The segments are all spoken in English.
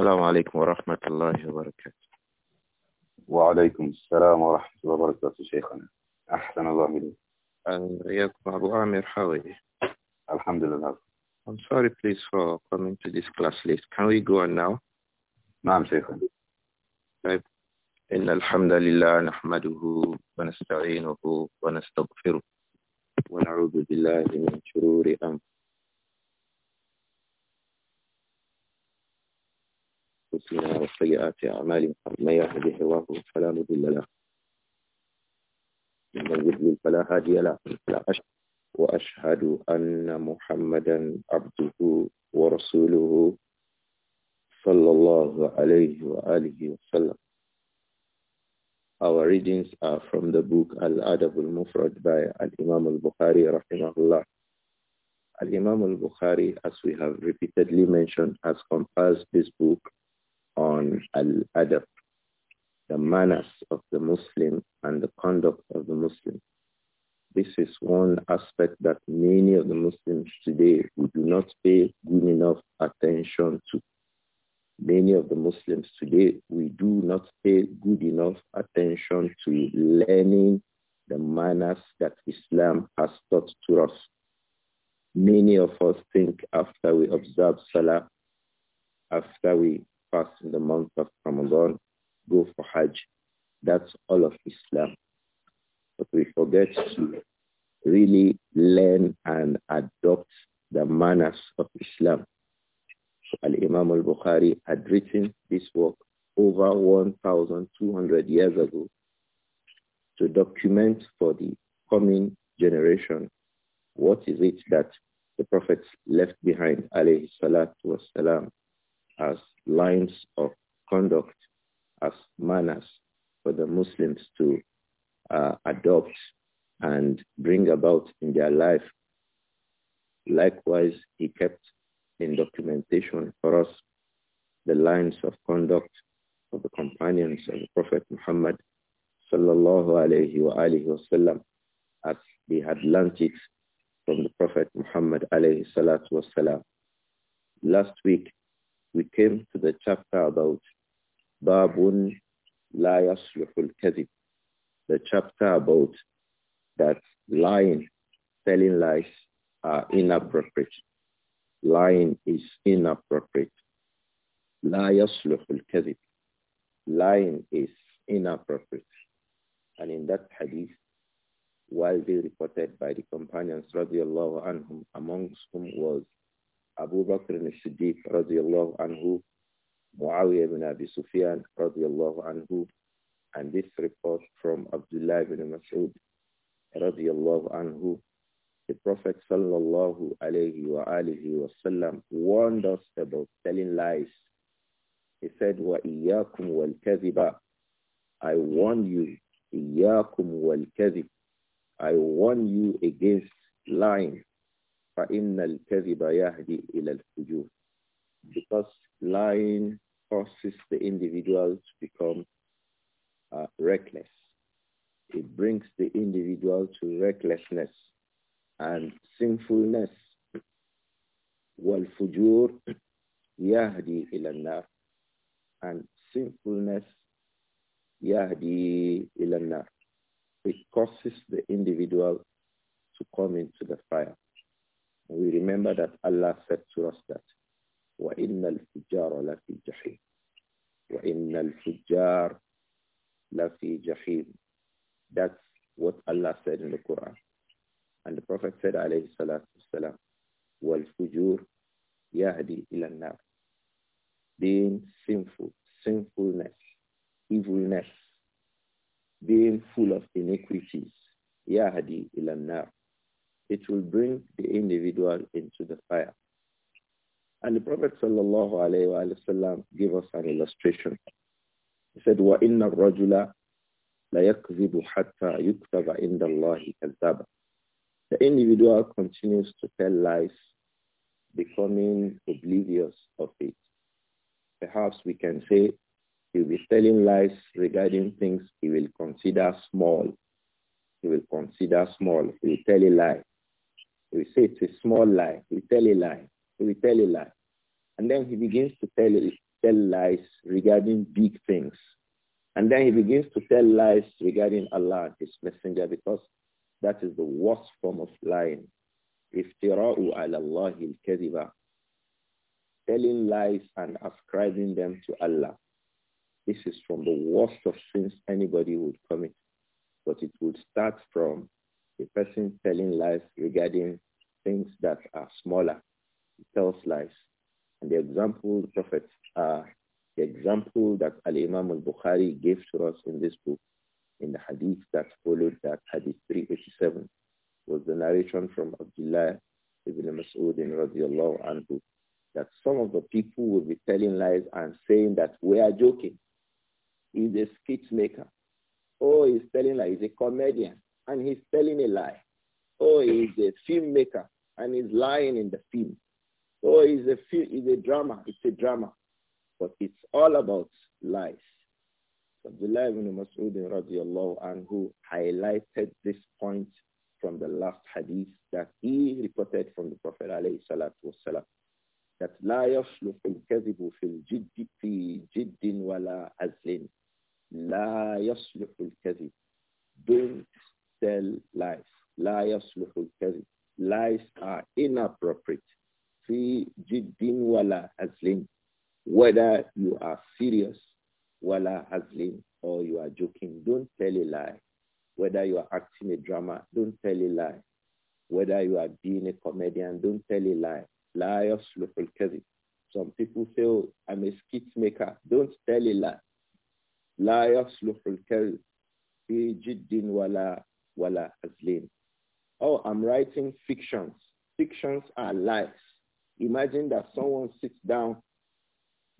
السلام عليكم ورحمة الله وبركاته وعليكم السلام ورحمة الله وبركاته شيخنا أحسن الله إليك حياكم أبو عامر حاوي الحمد لله I'm sorry please for coming to this class list can we go on now نعم شيخنا طيب إن الحمد لله نحمده ونستعينه ونستغفره ونعوذ بالله من شرور أنفسنا أنفسنا وسيئات أعمالنا يهده الله فلا مضل له يضلل فلا هادي له وأشهد أن محمدا عبده ورسوله صلى الله عليه وآله وسلم Our readings are from the book Al-Adab al-Mufrad by Al-Imam al-Bukhari rahimahullah. Al-Imam al-Bukhari, as we have repeatedly mentioned, has compiled this book on al-adab, the manners of the Muslim and the conduct of the Muslim. This is one aspect that many of the Muslims today we do not pay good enough attention to. Many of the Muslims today, we do not pay good enough attention to learning the manners that Islam has taught to us. Many of us think after we observe Salah, after we fast in the month of Ramadan, go for Hajj. That's all of Islam. But we forget to really learn and adopt the manners of Islam. So Al-Imam al-Bukhari had written this work over 1,200 years ago to document for the coming generation what is it that the Prophet left behind, alayhi salatu wasalam, as lines of conduct as manners for the Muslims to uh, adopt and bring about in their life. Likewise, he kept in documentation for us the lines of conduct of the companions of the Prophet Muhammad sallallahu alayhi wa alihi wasallam as they had learnt it from the Prophet Muhammad alayhi salatu wasallam. Last week, came to the chapter about Babun La Yasluhul Kadib, the chapter about that lying, telling lies are inappropriate. Lying is inappropriate. La Yasluh إياكم والكذب I warn you إياكم والكذب I warn you against lying فإن الكذب يهدي إلى الفجور because lying causes the individual to become uh, reckless. It brings the individual to recklessness and sinfulness. والفجور يهدي إلى النار إِلَى النَّارِ It causes the individual to come into the fire. we remember that Allah said to us that وَإِنَّ الْفُجَّارَ لَفِي جَحِيمٍ وَإِنَّ الْفُجَّارَ لَفِي جَحِيمٍ That's what Allah said in the Quran. And the Prophet said, alayhi salatu wasalam, وَالْفُجُورُ يَهْدِي إِلَى النَّارِ Being sinful, sinfulness, evilness being full of iniquities, yahadi ilanar, It will bring the individual into the fire. And the Prophet sallallahu alayhi gave us an illustration. He said, وَإِنَّ الرَّجُلَ لَيَكْذِبُ حَتَّى يُكْتَبَ عِنْدَ اللَّهِ كَذَّبًا The individual continues to tell lies, becoming oblivious of it. Perhaps we can say He'll be telling lies regarding things he will consider small. He will consider small. He will tell a lie. He will say it's a small lie. He will tell a lie. He will tell a lie. And then he begins to tell, tell lies regarding big things. And then he begins to tell lies regarding Allah and his messenger because that is the worst form of lying. Iftira'u ala Allah al Telling lies and ascribing them to Allah. This is from the worst of sins anybody would commit. But it would start from a person telling lies regarding things that are smaller. He tells lies. And the example the Prophet, uh, the example that Al-Imam al-Bukhari gave to us in this book, in the hadith that followed that hadith 387, was the narration from Abdullah ibn Mas'ud radiallahu anhu that some of the people will be telling lies and saying that we are joking. He's a skit maker. Oh, he's telling like He's a comedian and he's telling a lie. Oh, he's a filmmaker and he's lying in the film. Oh, he's a, he's a drama. It's a drama. But it's all about lies. Abdullah ibn Mas'ud radiallahu anhu highlighted this point from the last hadith that he reported from the Prophet alayhi salatu wasalam that لا يصلح الكذب في fi jiddin جد ولا La yasluhul kadhib. Don't tell lies. La yasluhul kadhib. Lies are inappropriate. Fi jiddin wala hazlin. Whether you are serious wala hazlin or you are joking, don't tell a lie. Whether you are acting a drama, don't tell a lie. Whether you are being a comedian, don't tell a lie. La yasluhul kadhib. Some people say, oh, I'm a skit maker. Don't tell a lie. لا يصلح الكذب في جد ولا ولا أزلين. Oh, I'm writing fictions. Fictions are lies. Imagine that someone sits down,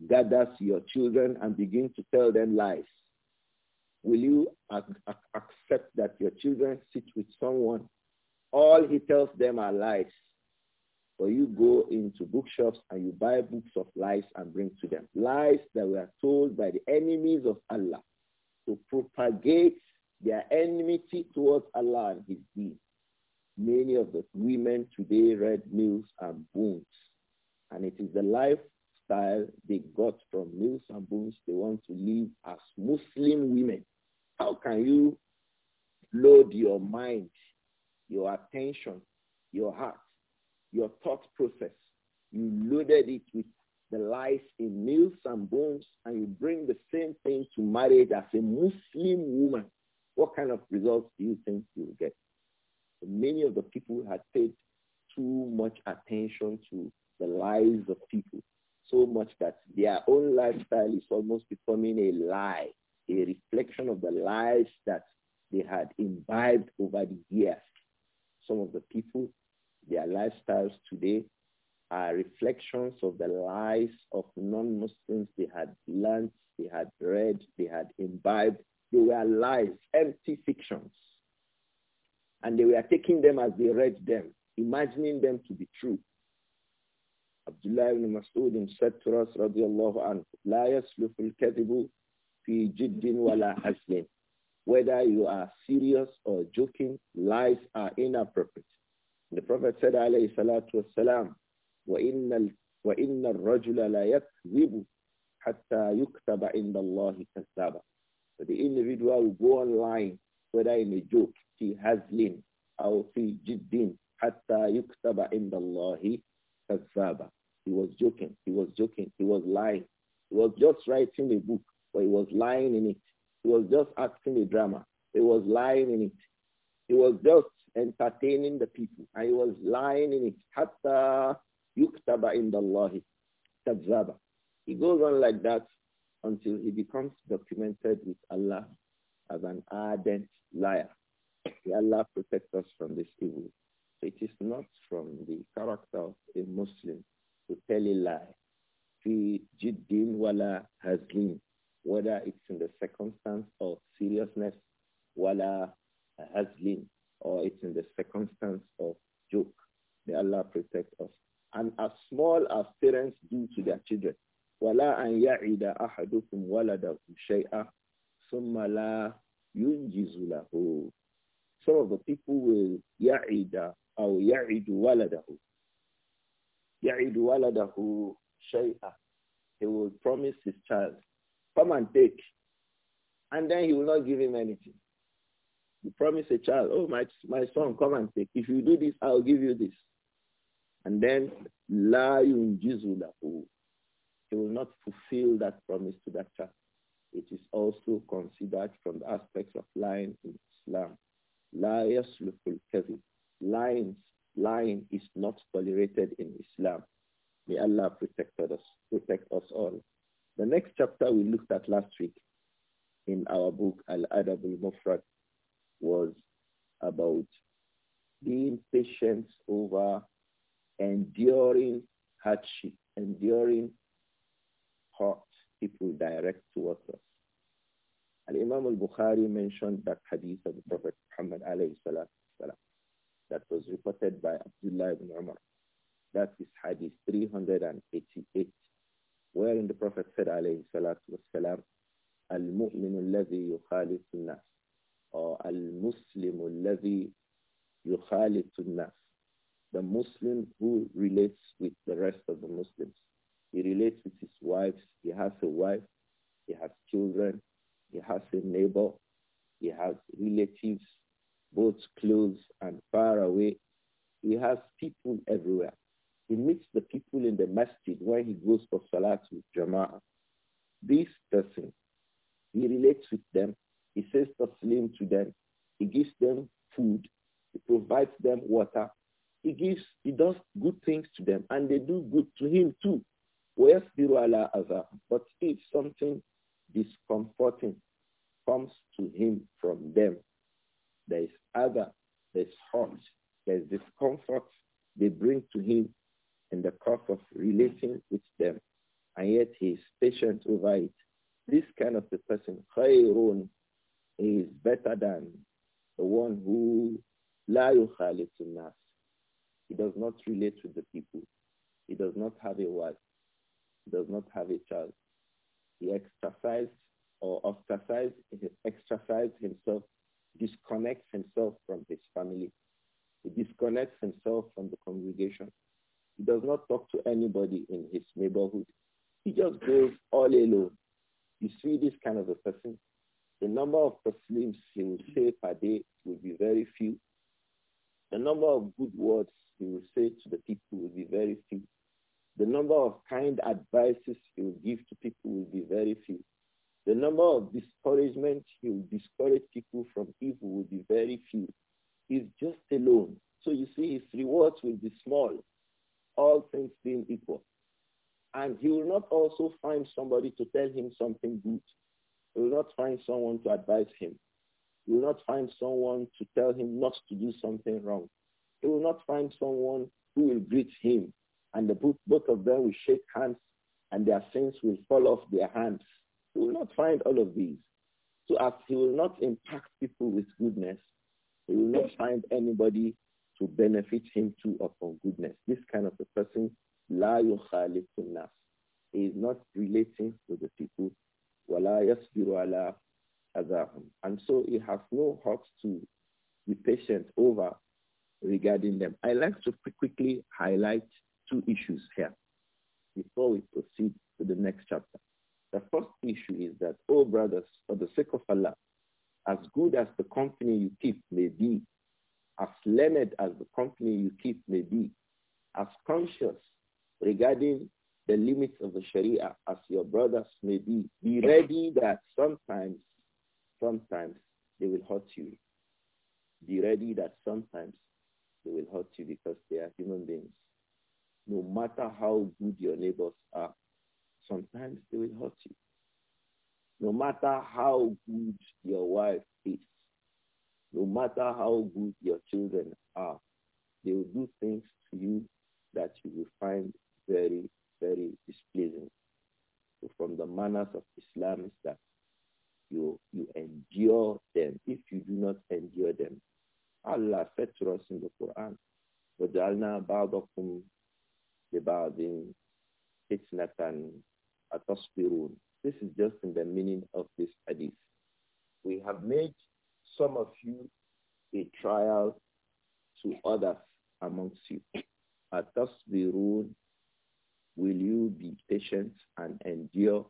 gathers your children, and begins to tell them lies. Will you accept that your children sit with someone? All he tells them are lies. But you go into bookshops and you buy books of lies and bring to them. Lies that were told by the enemies of Allah to propagate their enmity towards Allah and his deen. Many of the women today read news and Boons, And it is the lifestyle they got from news and Boons. they want to live as Muslim women. How can you load your mind, your attention, your heart your thought process. You loaded it with the lies in meals and bones, and you bring the same thing to marriage as a Muslim woman. What kind of results do you think you'll get? Many of the people had paid too much attention to the lives of people, so much that their own lifestyle is almost becoming a lie, a reflection of the lies that they had imbibed over the years. Some of the people their lifestyles today are reflections of the lives of non-Muslims they had learned, they had read, they had imbibed. They were lies, empty fictions. And they were taking them as they read them, imagining them to be true. Abdullah ibn Mas'ud said to us, لا يسلف الكذب في جد ولا Whether you are serious or joking, lies are inappropriate. The Prophet said, alayhi salatu wassalam, وَإِنَّ الرَّجُلَ لَا يَكْذِبُ حَتَّى يُكْتَبَ عِنْدَ اللَّهِ كَذَّبًا So the individual will go online, whether in a joke, he has أو في جد حتى يكتب عند الله كذابا. He was joking, he was joking, he was lying. He was just writing a book, but he was lying in it. He was just acting a drama. He was lying in it. He was just entertaining the people. And he was lying in it. Hatta yuktaba indallahi kadzaba. He goes on like that until he becomes documented with Allah as an ardent liar. May Allah protect us from this evil. It is not from the character of a Muslim to tell a lie. Fi jiddin wala hazlin. Whether it's in the circumstance of seriousness wala hazlin or it's in the circumstance of joke. May Allah protect us. And as small as parents do to their children. وَلَا أَنْ يَعِدَ أَحَدُكُمْ وَلَدَهُ شَيْئًا ثُمَّ لَا يُنْجِزُ لَهُ Some of the people will يَعِدَ أو يعد ولده يعد ولده شيئا he will promise his child come and take and then he will not give him anything you promise a child, oh, my, my son, come and take. If you do this, I'll give you this. And then, la yunjizulahu. He will not fulfill that promise to that child. It is also considered from the aspects of lying in Islam. La yaslukul kadhib. Lying, lying is not tolerated in Islam. May Allah protect us, protect us all. The next chapter we looked at last week in our book Al-Adab al-Mufrad was about being patient over enduring hardship, enduring hurt people direct towards us. Al-Imam al-Bukhari mentioned that hadith of the Prophet Muhammad that was reported by Abdullah ibn Umar. That is hadith 388, wherein the Prophet said alayhi salatu wasalam, al-mu'minu alladhi yukhalifu nas or al-Muslimu yukhalitu nas. The Muslim who relates with the rest of the Muslims. He relates with his wives. He has a wife. He has children. He has a neighbor. He has relatives, both close and far away. He has people everywhere. He meets the people in the masjid when he goes for salat with jama'ah. This person, he relates with them he says the taslim to them. He gives them food. He provides them water. He gives, he does good things to them and they do good to him too. But if something discomforting comes to him from them, there is other, there is hurt, there is discomfort they bring to him in the course of relating with them. And yet he is patient over it. This kind of a person, خَيْرٌ is better than the one who to nas. He does not relate with the people. He does not have a wife. He does not have a child. He exercised or ostracized, exercised himself, disconnects himself from his family. He disconnects himself from the congregation. He does not talk to anybody in his neighborhood. He just goes all alone. You see this kind of a person the number of Muslims he will say per day will be very few. The number of good words he will say to the people will be very few. The number of kind advices he will give to people will be very few. The number of discouragement he will discourage people from evil will be very few. He's just alone. So you see, his rewards will be small, all things being equal. And he will not also find somebody to tell him something good he will not find someone to advise him. He will not find someone to tell him not to do something wrong. He will not find someone who will greet him. And the both, both of them will shake hands and their sins will fall off their hands. He will not find all of these. So as he will not impact people with goodness, he will not find anybody to benefit him too upon goodness. This kind of a person, la yukhalifunnas. He is not relating to the people and so he has no heart to be patient over regarding them. I like to quickly highlight two issues here before we proceed to the next chapter. The first issue is that, oh brothers, for the sake of Allah, as good as the company you keep may be, as learned as the company you keep may be, as conscious regarding the limits of the Sharia as your brothers may be. Be ready that sometimes, sometimes they will hurt you. Be ready that sometimes they will hurt you because they are human beings. No matter how good your neighbors are, sometimes they will hurt you. No matter how good your wife is, no matter how good your children are, they will do things to you that you will find very very displeasing. So from the manners of Islam is that you, you endure them. If you do not endure them, Allah said to us in the Quran, وَجَعَلْنَا بَعْضَكُمْ لِبَعْضٍ فِتْنَةً أَتَصْبِرُونَ This is just in the meaning of this hadith. We have made some of you a trial to others amongst you. أَتَصْبِرُونَ Will you be patient and endure?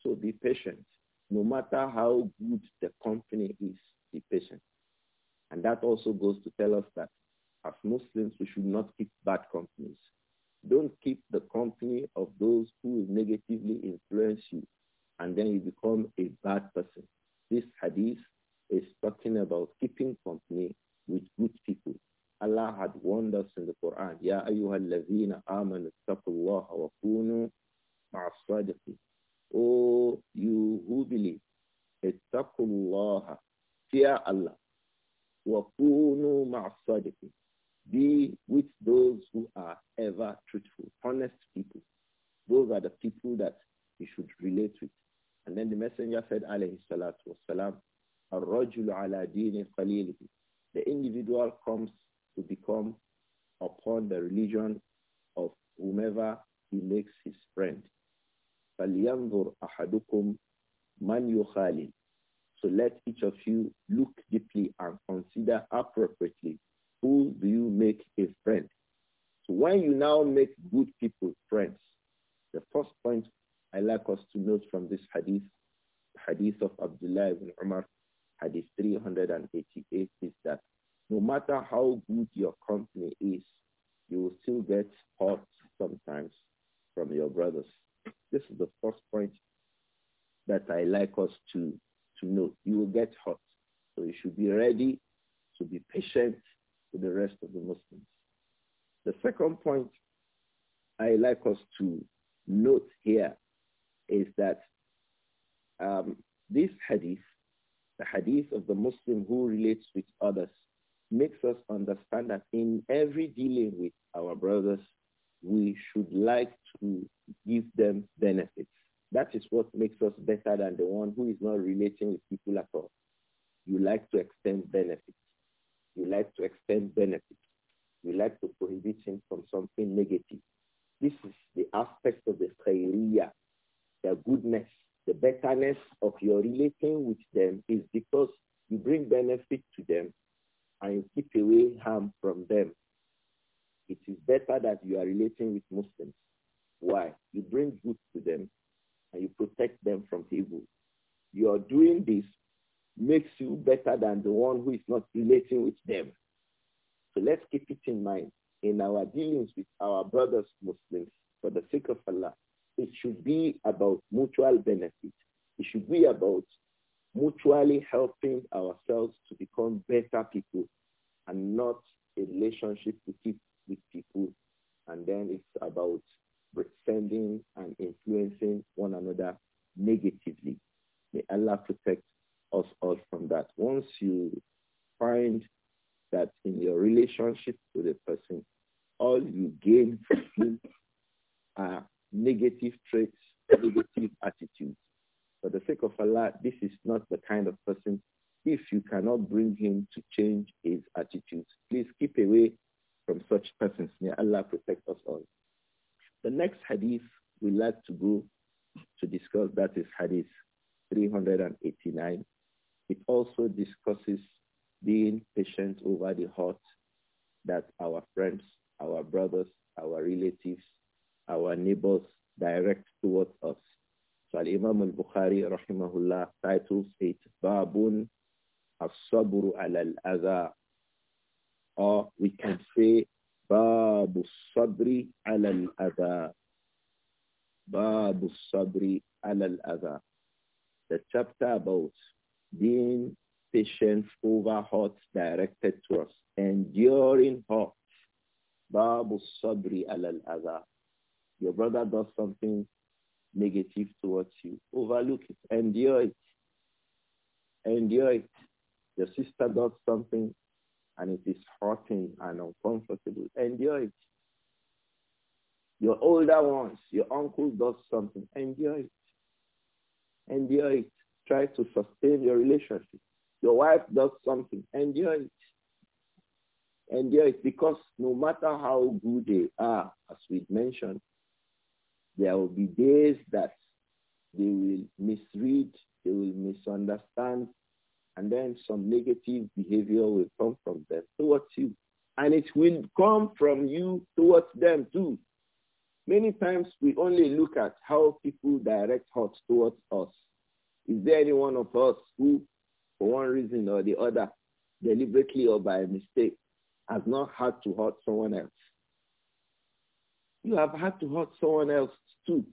So be patient. No matter how good the company is, be patient. And that also goes to tell us that as Muslims, we should not keep bad companies. Don't keep the company of those who negatively influence you and then you become a bad person. This hadith is talking about keeping company with good people. Allah had warned us in the Quran, Ya ayyuhallazina amanu taqullaha wa kunu ma'as-sadiqin. O you who believe, ittaqullaha, fear Allah, wa kunu ma'as-sadiqin. Be with those who are ever truthful, honest people. Those are the people that you should relate with. And then the messenger said, alayhi salatu wa wasalam, الرجل على دين قليله. The individual comes to become upon the religion of whomever he makes his friend. So let each of you look deeply and consider appropriately who do you make a friend. So when you now make good people friends, the first point I like us to note from this hadith, hadith of Abdullah ibn Umar, hadith 388 is that no matter how good your company is, you will still get hurt sometimes from your brothers. This is the first point that I like us to, to know. You will get hurt. So you should be ready to be patient with the rest of the Muslims. The second point I like us to note here is that um, this hadith, the hadith of the Muslim who relates with others, makes us understand that in every dealing with our brothers, we should like to give them benefits. That is what makes us better than the one who is not relating with people at all. You like to extend benefits. You like to extend benefits. You like to prohibit him from something negative. This is the aspect of the khairiyah, the goodness, the betterness of your relating with them is because you bring benefit to them and you keep away harm from them. It is better that you are relating with Muslims. Why? You bring good to them and you protect them from evil. Your doing this makes you better than the one who is not relating with them. So let's keep it in mind in our dealings with our brothers Muslims for the sake of Allah. It should be about mutual benefit. It should be about mutually helping ourselves to become better people and not a relationship to keep with people. And then it's about sending and influencing one another negatively. May Allah protect us all from that. Once you find that in your relationship with a person, all you gain are negative traits, negative attitudes for the sake of Allah, this is not the kind of person, if you cannot bring him to change his attitudes, please keep away from such persons. May Allah protect us all. The next hadith we like to go to discuss that is hadith 389. It also discusses being patient over the hurt that our friends, our brothers, our relatives, our neighbors direct towards us. Al-Imam al-Bukhari titles it Babun As-Sabru ala or we can say Babu Sabri al-Adha the chapter about being patient over hot directed to us, enduring hot. Babu Sabri al Adha. Your brother does something negative towards you. Overlook it. Endure it. Endure it. Your sister does something and it is hurting and uncomfortable. Endure it. Your older ones, your uncle does something. Endure it. Endure it. Try to sustain your relationship. Your wife does something. Endure it. Endure it because no matter how good they are, as we mentioned, there will be days that they will misread, they will misunderstand, and then some negative behavior will come from them towards you. And it will come from you towards them too. Many times we only look at how people direct hurt towards us. Is there any one of us who, for one reason or the other, deliberately or by mistake, has not had to hurt someone else? You have had to hurt someone else so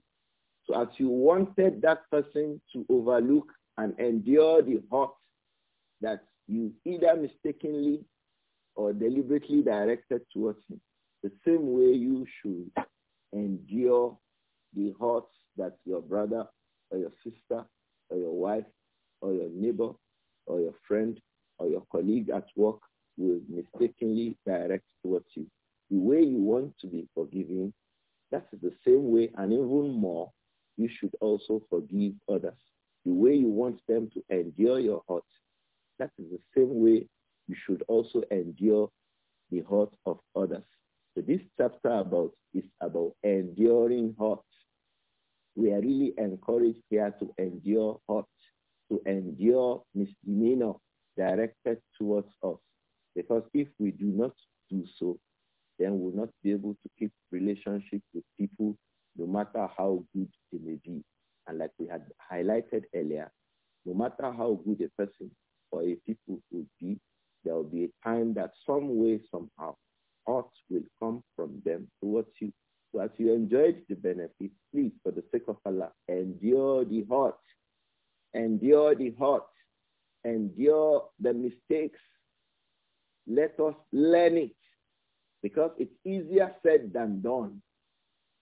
as you wanted that person to overlook and endure the hurt that you either mistakenly or deliberately directed towards him, the same way you should endure the hurt that your brother or your sister or your wife or your neighbor or your friend or your colleague at work will mistakenly direct towards you. The way you want to be forgiving. That is the same way and even more, you should also forgive others. The way you want them to endure your hurt, that is the same way you should also endure the hurt of others. So this chapter about is about enduring hurt. We are really encouraged here to endure hurt, to endure misdemeanor directed towards us. Because if we do not do so, then we'll not be able to keep relationship with people no matter how good they may be. And like we had highlighted earlier, no matter how good a person or a people will be, there will be a time that some way, somehow, hurt will come from them towards you. So as you enjoyed the benefit, please, for the sake of Allah, endure the hurt. Endure the hurt. Endure the mistakes. Let us learn it because it's easier said than done.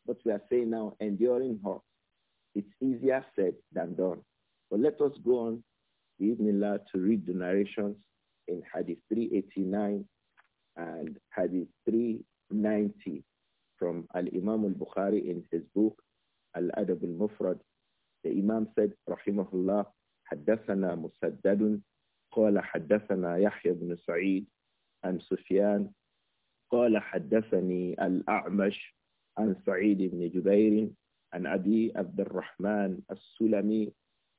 What we are saying now, enduring hurt, it's easier said than done. But let us go on, Bismillah, to read the narrations in Hadith 389 and Hadith 390 from Al-Imam al-Bukhari in his book, Al-Adab al-Mufrad. The Imam said, Rahimahullah, حدثنا مسدد قال حدثنا يحيى بن سعيد عن سفيان قال حدثني الأعمش عن سعيد بن جبير عن أبي عبد الرحمن السلمي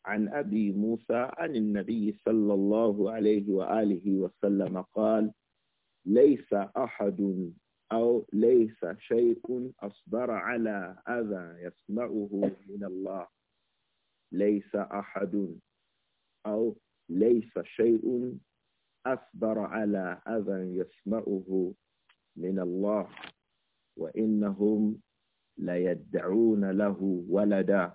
عن أبي موسى عن النبي صلى الله عليه وآله وسلم قال ليس أحد أو ليس شيء أصبر على أذى يسمعه من الله ليس أحد أو ليس شيء أصبر على أذى يسمعه من الله وإنهم ليدعون له ولدا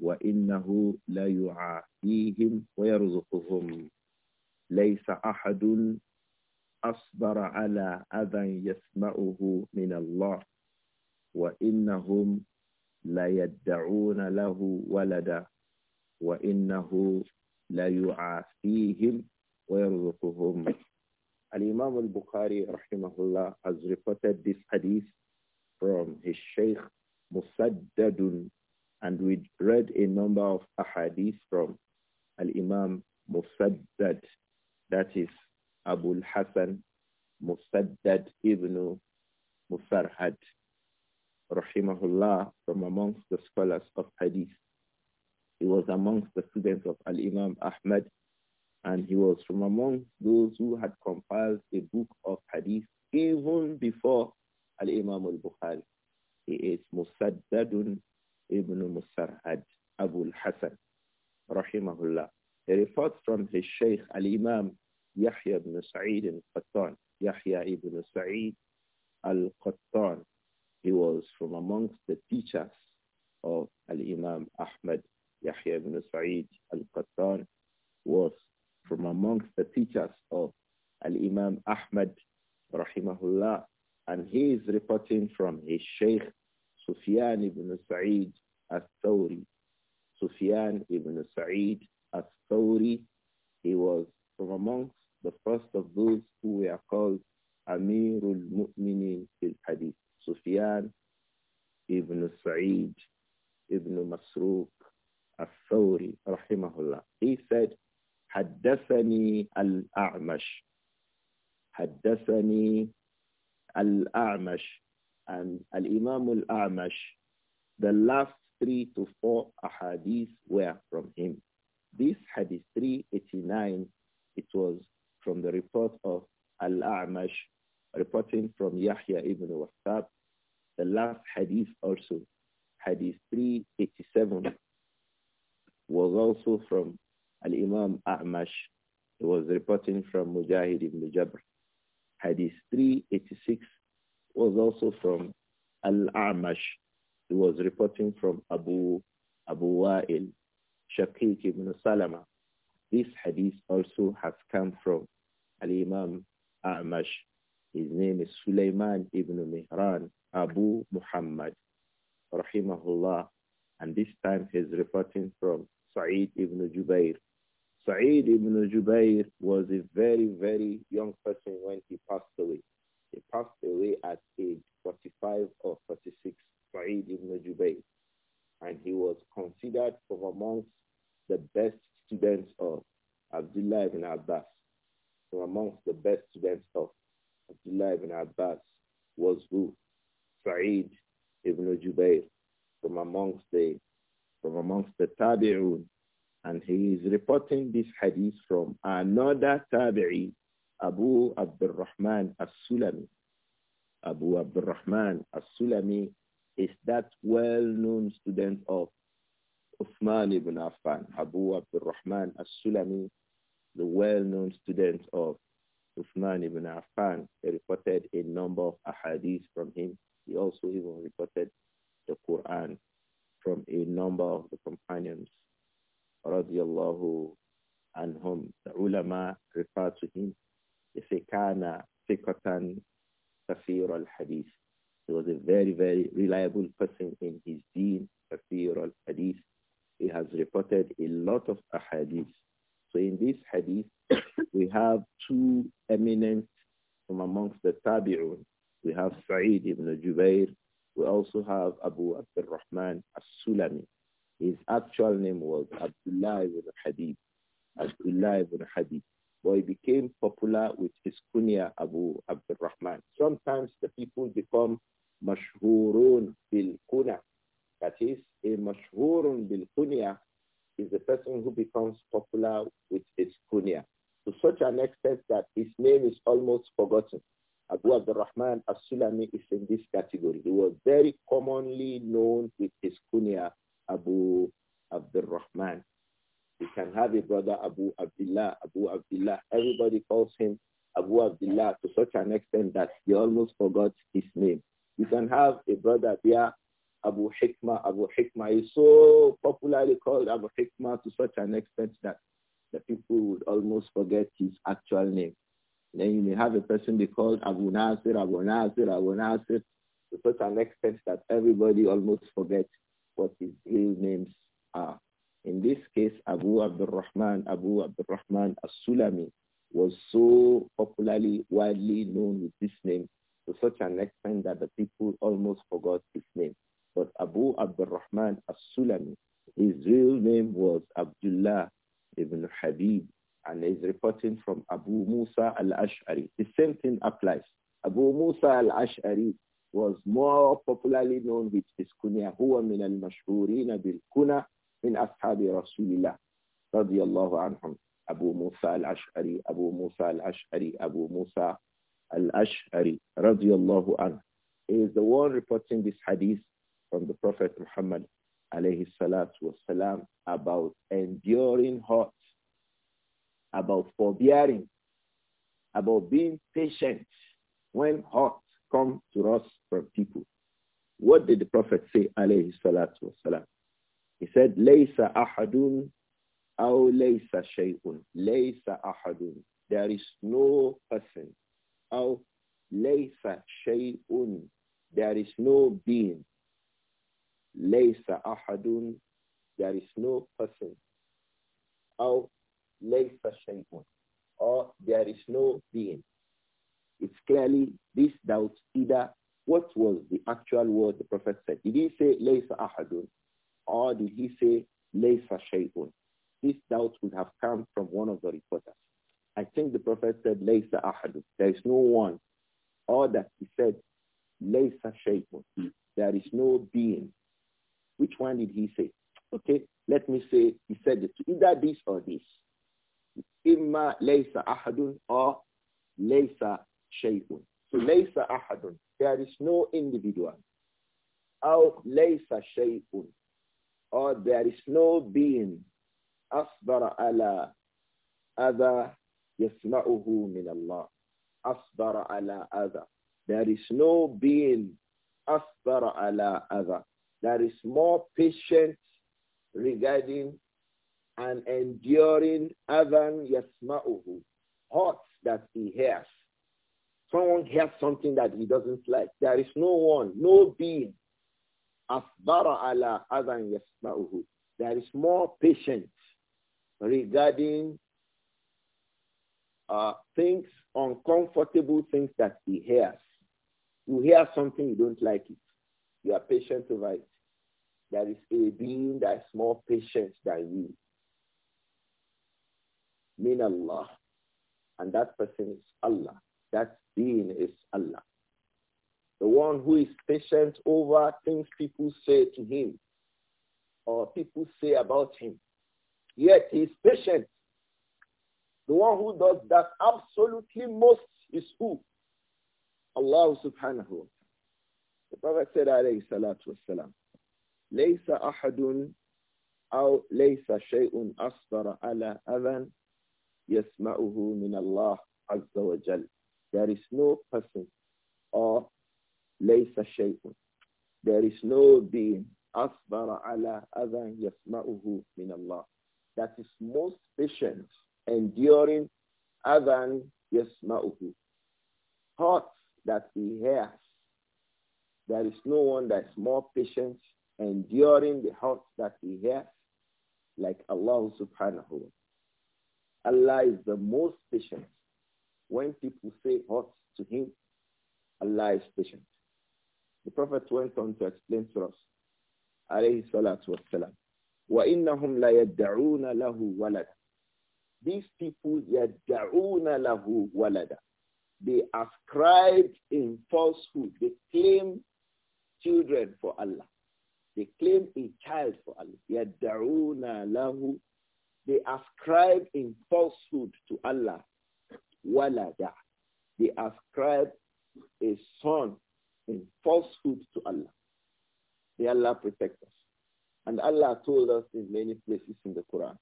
وإنه ليعافيهم ويرزقهم ليس أحد أصبر على أذى يسمعه من الله وإنهم ليدعون له ولدا وإنه ليعافيهم ويرزقهم Al-Imam al-Bukhari rahimahullah has reported this hadith from his Shaykh Musaddadun and we read a number of ahadith from Al-Imam Musaddad that is Abu al-Hasan Musaddad ibn Musarhad rahimahullah from amongst the scholars of hadith. He was amongst the students of Al-Imam Ahmad and he was from among those who had compiled a book of hadith even before Al-Imam al-Bukhari. He is Musaddadun ibn Musarhad, Abu al-Hasan, rahimahullah. He reports from his Shaykh Al-Imam Yahya ibn Sa'id al-Qattan, Yahya ibn Sa'id al-Qattan. He was from amongst the teachers of Al-Imam Ahmad. Yahya ibn Sa'id al-Qattan was from amongst the teachers of Al-Imam Ahmad rahimahullah and he is reporting from his Sheikh Sufyan ibn Sa'id al-Thawri. Sufyan ibn Sa'id al-Thawri, he was from amongst the first of those who were called Amirul Mu'minin fil Hadith. Sufyan ibn Sa'id ibn Masruq al-Thawri rahimahullah. He said, حدثني الأعمش حدثني الأعمش and Al-Imam al the last three to four ahadith were from him. This hadith 389, it was from the report of Al-Amash, reporting from Yahya ibn Wasab. The last hadith also, hadith 387, was also from Al-Imam A'mash was reporting from Mujahid ibn Jabr. Hadith 386 was also from Al-A'mash. He was reporting from Abu, Abu Wa'il, Shaqiq ibn Salama. This hadith also has come from Al-Imam A'mash. His name is Sulaiman ibn Mihran Abu Muhammad, rahimahullah. And this time he's reporting from Sa'id ibn Jubair Saeed ibn Jubayr was a very, very young person when he passed away. He passed away at age 45 or 46, Saeed ibn Jubayr. And he was considered from amongst the best students of Abdullah ibn Abbas. From amongst the best students of Abdullah ibn Abbas was who? Saeed ibn Jubayr. From amongst the, from amongst the Tabi'un, and he is reporting this hadith from another tabi'i, Abu Abdurrahman as-Sulami. Abu Abdurrahman as-Sulami is that well-known student of Uthman ibn Affan. Abu Abdurrahman as-Sulami, the well-known student of Uthman ibn Affan, he reported a number of ahadith from him. He also even reported the Quran from a number of the companions radiallahu anhum. The ulama refer to him. They say, Kana al-Hadith. He was a very, very reliable person in his deen, Safir al-Hadith. He has reported a lot of ahadith. So in this hadith, we have two eminent from amongst the tabi'un. We have Sa'id ibn Jubair. We also have Abu Abdurrahman as-Sulami. His actual name was Abdullah ibn Hadid. Abdullah ibn Hadid. But he became popular with his kunya Abu Rahman. Sometimes the people become mashhurun bil kuna. That is, a mashhurun bil kunya is the person who becomes popular with his kunya to such an extent that his name is almost forgotten. Abu Rahman as-Sulami is in this category. He was very commonly known with his kunya Abu Abdul Rahman. You can have a brother Abu Abdullah, Abu Abdullah. Everybody calls him Abu Abdullah to such an extent that he almost forgot his name. You can have a brother there, Abu Hikmah. Abu Hikmah is so popularly called Abu Hikmah to such an extent that the people would almost forget his actual name. Then you may have a person be called Abu Nasir, Abu Nasir, Abu Nasir, to such an extent that everybody almost forgets Abu al-Rahman Abu Abdurrahman As-Sulami was so popularly, widely known with this name to such an extent that the people almost forgot his name. But Abu Abdurrahman As-Sulami, his real name was Abdullah ibn Habib, and is reporting from Abu Musa al-Ash'ari. The same thing applies. Abu Musa al-Ash'ari was more popularly known with his kunya, huwa min al-mashhurin bil-kuna min ashabi Rasulillah radiallahu anhum. Abu Musa al-Ash'ari, Abu Musa al-Ash'ari, Abu Musa al-Ash'ari, radiallahu anhu, is the one reporting this hadith from the Prophet Muhammad alayhi salatu wasalam about enduring hurt, about forbearing, about being patient when hurt come to us from people. What did the Prophet say alayhi salatu wasalam? He said, لَيْسَ أَحَدٌ أو ليس شيء ليس أحد there is no person ليس شيء there is no being ليس أحد there is no person أو ليس شيء or there is no being it's clearly this doubt either what was the actual word the prophet said did he say ليس أحد or did he say ليس شيء this doubt would have come from one of the reporters. I think the Prophet said, Laysa ahadu. There is no one. Or that he said, Laysa shaykhun. There is no being. Which one did he say? Okay, let me say, he said either this or this. Imma laysa ahadun or laysa shaykhun. So laysa ahadun. There is no individual. Or laysa shaykhun. Or there is no being asbara ala adha yasma'uhu min Allah. Asbara ala ada. There is no being asbara ala ada. There is more patient regarding and enduring adhan yasma'uhu. hearts that he hears. Someone hears something that he doesn't like. There is no one, no being. Asbara ala adhan yasma'uhu. There is more patience regarding uh, things, uncomfortable things that he hears. You hear something, you don't like it. You are patient over it. There is a being that is more patient than you. Mean Allah. And that person is Allah. That being is Allah. The one who is patient over things people say to him or people say about him Yet he is patient. The one who does that absolutely most is who? Allah subhanahu wa ta'ala. The Prophet said alayhi salatu wasalam, لَيْسَ أَحَدٌ أَوْ لَيْسَ شَيْءٌ أَصْبَرَ عَلَى أَذًا يَسْمَعُهُ مِنَ اللَّهِ عَزَّ وَجَلَّ There is no person or لَيْسَ شَيْءٌ There is no being أَصْبَرَ عَلَى أَذًا يَسْمَعُهُ مِنَ اللَّهِ that is most patient, enduring, other than Yesma'uhu. hearts that he hears. There is no one that is more patient, enduring the hearts that he hears, like Allah subhanahu wa Allah is the most patient. When people say hearts to him, Allah is patient. The Prophet went on to explain to us, alayhi salatu Wassalam. وَإِنَّهُمْ لَيَدَّعُونَ لَهُ وَلَدًا These people, يَدَّعُونَ لَهُ وَلَدًا They ascribe in falsehood. They claim children for Allah. They claim a child for Allah. يَدَّعُونَ لَهُ They ascribe in falsehood to Allah. وَلَدًا They ascribe a son in falsehood to Allah. May Allah protect us. And Allah told us in many places in the Quran,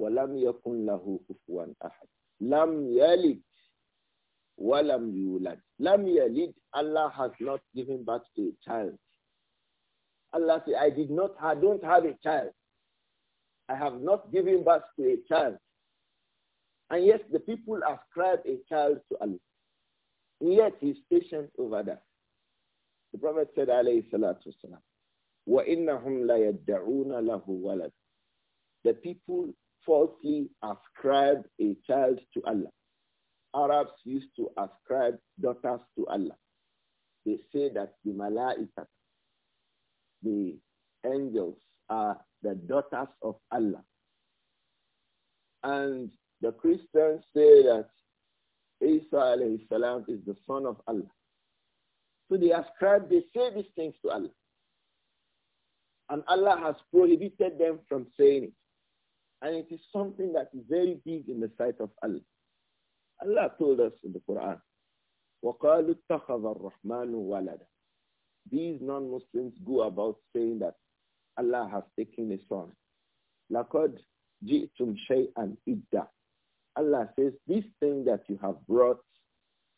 وَلَمْ يَكُنْ لَهُ كُفُوًا أَحَدٍ لَمْ يَلِدْ وَلَمْ يُولَدْ لَمْ يَلِدْ Allah has not given birth to a child. Allah said, I did not, I don't have a child. I have not given birth to a child. And yes, the people ascribe a child to Allah. And yet he's patient over that. The Prophet said, alayhi salatu wasalam, وَإِنَّهُمْ لَيَدَّعُونَ لَهُ وَلَدٍ The people falsely ascribe a child to Allah. Arabs used to ascribe daughters to Allah. They say that the Malaika, the angels, are the daughters of Allah. And the Christians say that Isa is the son of Allah. So they ascribe, they say these things to Allah. And Allah has prohibited them from saying it. And it is something that is very big in the sight of Allah. Allah told us in the Quran, وَقَالُوا اتَّخَذَ الرَّحْمَنُ وَلَدًا These non-Muslims go about saying that Allah has taken a son. لَقَدْ جِئْتُمْ شَيْئًا إِدَّا Allah says, this thing that you have brought,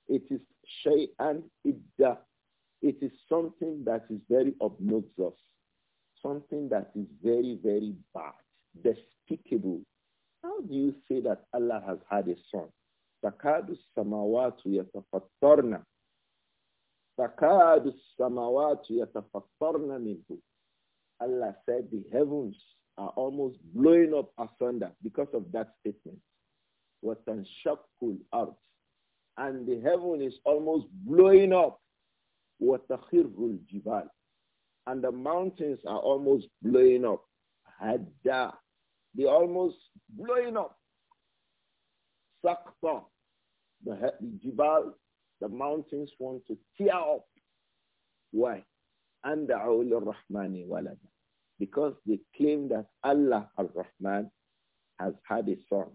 it is and idda. It is something that is very obnoxious something that is very, very bad, despicable. How do you say that Allah has had a son? تكاد samawatu يتفطرن تكاد samawatu يتفطرن منه Allah said the heavens are almost blowing up asunder because of that statement. وَتَنْشَقُّ الْأَرْضِ And the heaven is almost blowing up. وَتَخِرُّ الْجِبَالِ and the mountains are almost blowing up. Hadda. They almost blowing up. Sakta. The, the Jibal, the mountains want to tear up. Why? And the Rahmani walada. Because they claim that Allah al-Rahman has had a son.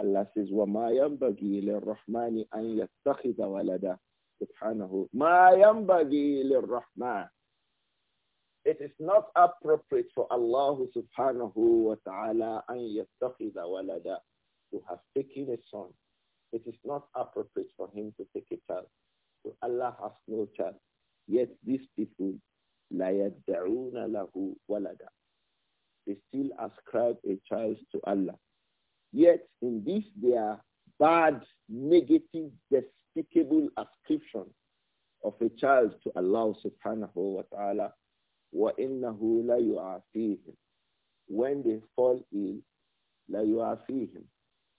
Allah says, وَمَا يَنْبَغِي لِلرَّحْمَنِ أَنْ يَتَّخِذَ وَلَدًا سبحانه ما ينبغي للرحمن it is not appropriate for Allah subhanahu wa ta'ala an yattakhidha walada to have taken a son. It is not appropriate for him to take a child. So Allah has no child. Yet these people, la yadda'una lahu walada. They still ascribe a child to Allah. Yet in this their bad, negative, despicable ascription of a child to Allah subhanahu wa ta'ala, وَإِنَّهُ لَيُعَافِيهِمْ When they fall ill, لَيُعَافِيهِمْ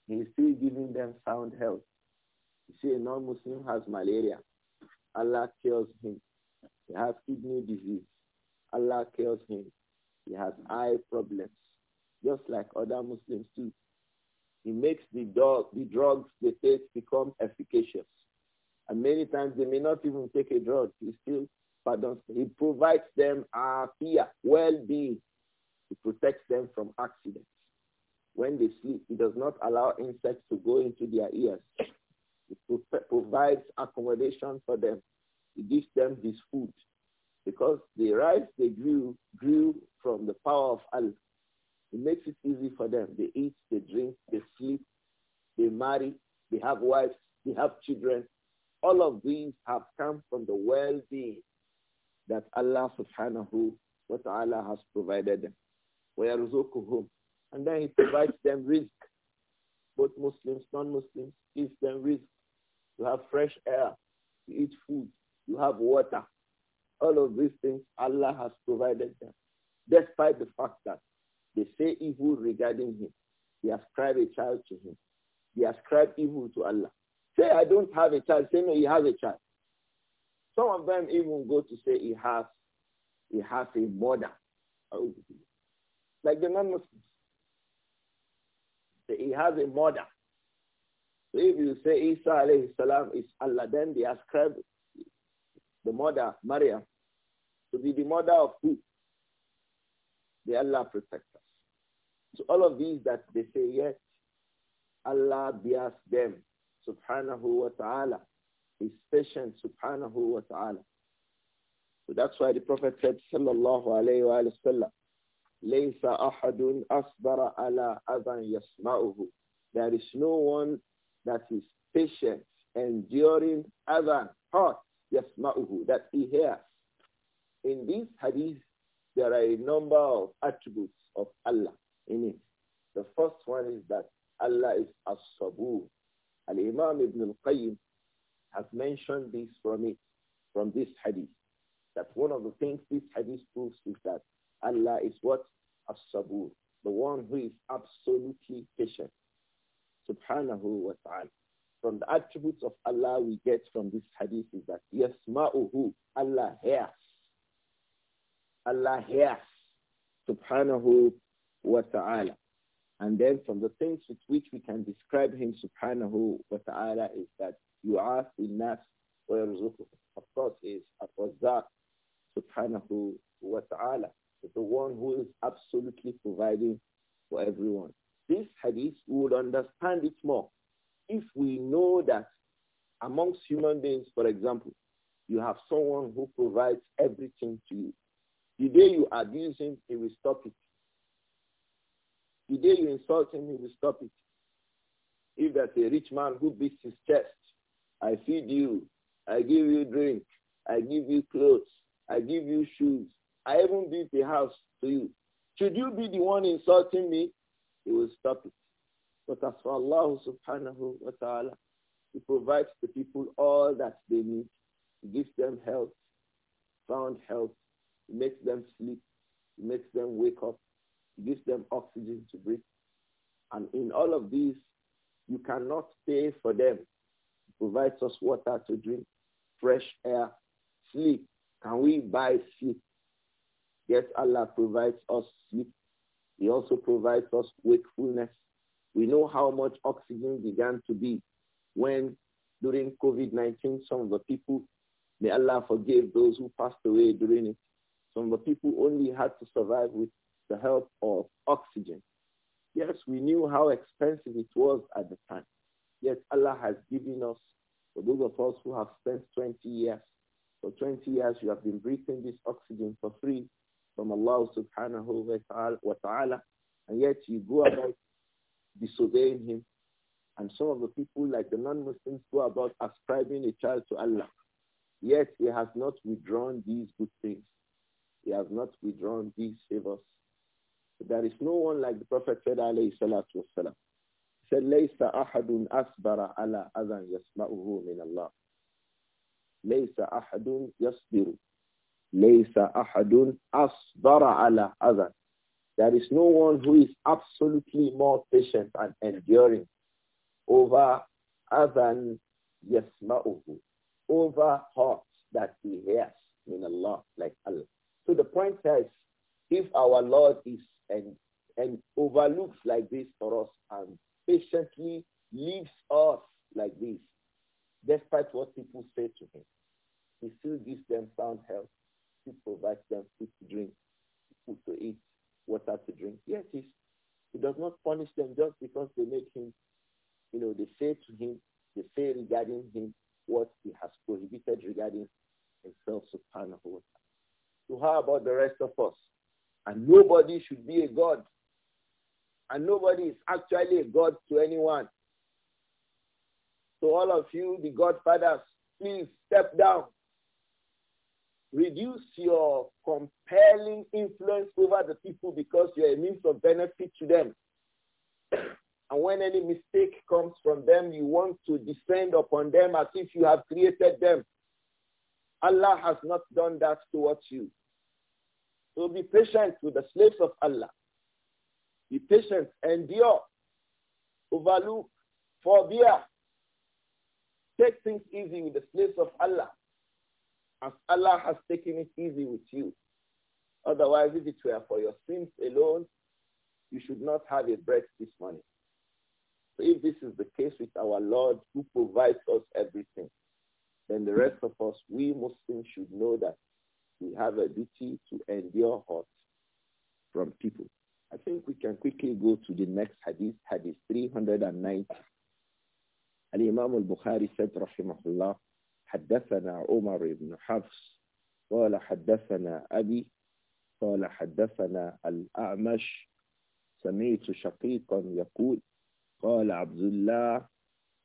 He's still giving them sound health. You see, a non-Muslim has malaria. Allah cures him. He has kidney disease. Allah cures him. He has eye problems, just like other Muslims too. He makes the, dog, the drugs they take become efficacious. And many times they may not even take a drug. He still pardons. He provides them afia, ah, well-being. He protects them from accidents. When they sleep, he does not allow insects to go into their ears. He pro provides accommodation for them. He gives them this food because the rice they grew grew from the power of Allah. It makes it easy for them. They eat, they drink, they sleep, they marry, they have wives, they have children. All of these have come from the well-being that Allah subhanahu wa ta'ala has provided them. And then he provides them risk. Both Muslims, non-Muslims, gives them risk. You have fresh air. You eat food. You have water. All of these things Allah has provided them. Despite the fact that they say evil regarding him. They ascribe a child to him. They ascribe evil to Allah. Say, I don't have a child. Say, no, you have a child. Some of them even go to say he has, he has a mother. Like the non-Muslims. He has a mother. So if you say Isa alayhi salam is Allah, then they ascribe the mother, Maryam, to be the mother of who? The Allah protect us. So all of these that they say, yes, Allah bears them, subhanahu wa ta'ala is patient, subhanahu wa ta'ala. So that's why the Prophet said, sallallahu alayhi wa, alayhi wa sallam, لَيْسَ أَحَدٌ أَصْبَرَ عَلَىٰ أَذًا يَسْمَعُهُ There is no one that is patient, enduring أَذًا heart يَسْمَعُهُ that he hears. In this hadith, there are a number of attributes of Allah in it. The first one is that Allah is as-sabur. Al-Imam Ibn al-Qayyim has mentioned this from it, from this hadith. That one of the things this hadith proves is that Allah is what? As-Sabur, the one who is absolutely patient. Subhanahu wa ta'ala. From the attributes of Allah we get from this hadith is that Yasma'uhu, Allah hears. Allah hears. Subhanahu wa ta'ala. And then from the things with which we can describe him subhanahu wa ta'ala is that yu'afi nas wa yarzuquh. Of course, is Al-Razzaq subhanahu wa ta'ala, the one who is absolutely providing for everyone. This hadith, we would understand it more if we know that amongst human beings, for example, you have someone who provides everything to you. The day you abuse him, he will stop it. The day you insult him, he will stop it. If there's a rich man who beats his chest I feed you. I give you drink. I give you clothes. I give you shoes. I even built a house to you. Should you be the one insulting me? He will stop it. But as for Allah subhanahu wa ta'ala, He provides the people all that they need. He gives them health, sound health. He makes them sleep. He makes them wake up. He gives them oxygen to breathe. And in all of these, you cannot pay for them provides us water to drink, fresh air, sleep. Can we buy sleep? Yes, Allah provides us sleep. He also provides us wakefulness. We know how much oxygen began to be when during COVID-19 some of the people, may Allah forgive those who passed away during it. Some of the people only had to survive with the help of oxygen. Yes, we knew how expensive it was at the time. Yet Allah has given us, for those of us who have spent 20 years, for 20 years you have been breathing this oxygen for free from Allah subhanahu wa ta'ala, and yet you go about disobeying him. And some of the people, like the non-Muslims, go about ascribing a child to Allah. Yet he has not withdrawn these good things. He has not withdrawn these favors. There is no one like the Prophet said, alayhi salatu wasalam said, There is no one who is absolutely more patient and enduring over أَذًا يَسْمَعُهُ over hearts that he hears in Allah, like Allah. So the point is, if our Lord is and and overlooks like this for us and patiently leaves us like this, despite what people say to him. He still gives them sound health. He provides them food to drink, food to eat, water to drink. Yes, he, he does not punish them just because they make him, you know, they say to him, they say regarding him what he has prohibited regarding himself, subhanahu wa ta'ala. So how about the rest of us? And nobody should be a god and nobody is actually a God to anyone. So all of you, the Godfathers, please step down. Reduce your compelling influence over the people because you're a means of benefit to them. And when any mistake comes from them, you want to descend upon them as if you have created them. Allah has not done that towards you. So be patient with the slaves of Allah. Be patient, endure, overlook, forbear. Take things easy with the slaves of Allah, as Allah has taken it easy with you. Otherwise, if it were for your sins alone, you should not have a breath this morning. So if this is the case with our Lord who provides us everything, then the rest of us, we Muslims should know that we have a duty to endure hurt from people. I think we can quickly go to the next hadith, hadith 390. الإمام البخاري said رحمه الله حدثنا عمر بن حفص قال حدثنا أبي قال حدثنا الأعمش سمعت شقيقا يقول قال عبد الله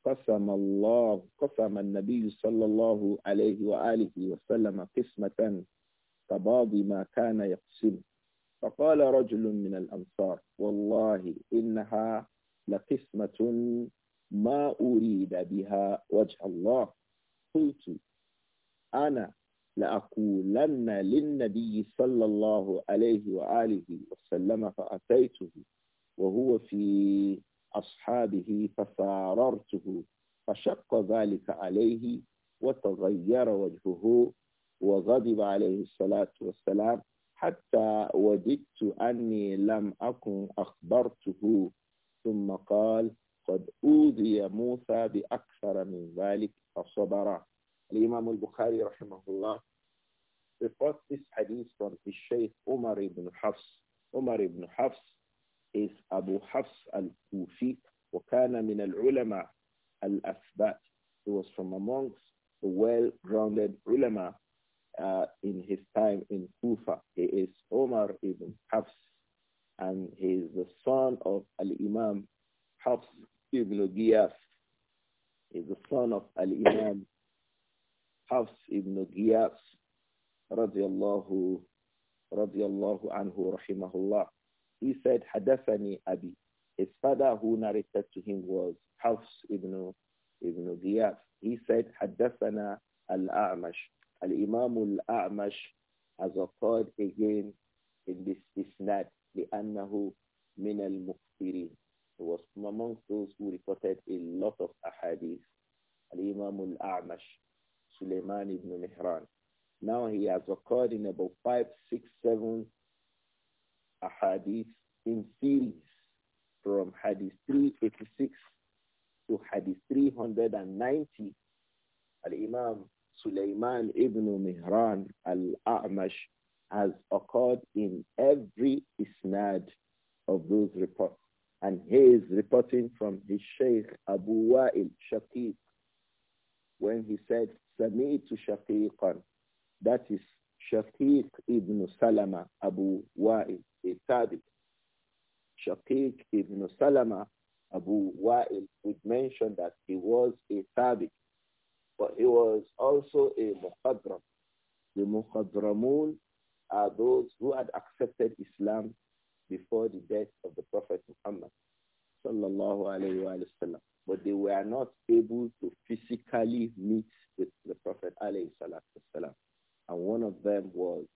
قسم الله قسم النبي صلى الله عليه وآله وسلم قسمة تباضي ما كان يقسمه فقال رجل من الأنصار والله إنها لقسمة ما أريد بها وجه الله قلت أنا لأقولن للنبي صلى الله عليه وآله وسلم فأتيته وهو في أصحابه فصاررته فشق ذلك عليه وتغير وجهه وغضب عليه الصلاة والسلام حتى وددت أني لم أكن أخبرته ثم قال قد أوذي موسى بأكثر من ذلك فصبر الإمام البخاري رحمه الله في حديث عن الشيخ عمر بن حفص عمر بن حفص Abu Hafs al الكوفي وكان من العلماء الأثبات He was from amongst the well-grounded ulama uh, in his time in Kufa. He is Omar ibn Hafs, and he is the son of Al-Imam Hafs ibn Giyas. He is the son of Al-Imam Hafs ibn Giyas, radiallahu, radiallahu anhu, rahimahullah. He said, Hadathani Abi. His father who narrated to him was Hafs ibn, ibn Giyas. He said, Hadathana al-A'mash. Al-Imam al-A'mash has occurred again in this isnad, لِأَنَّهُ مِنَ الْمُكْفِرِينَ He was amongst those who reported a lot of ahadith. Al-Imam al-A'mash, Suleiman ibn Mihran. Now he has occurred in about five, six, seven ahadith in series from hadith 386 to hadith 390. Al-Imam Sulaiman ibn Mihran al-A'mash has occurred in every isnad of those reports. And he is reporting from his Shaykh Abu Wa'il Shaqiq when he said, Sami'tu Shaqiqan. That is Shaqiq ibn Salama Abu Wa'il, a tabi. Shaqiq ibn Salama Abu Wa'il would mention that he was a tabi. But he was also a muhadram. The muhadramun are those who had accepted Islam before the death of the Prophet Muhammad sallallahu alayhi wasallam. But they were not able to physically meet with the Prophet alayhi salatu And one of them was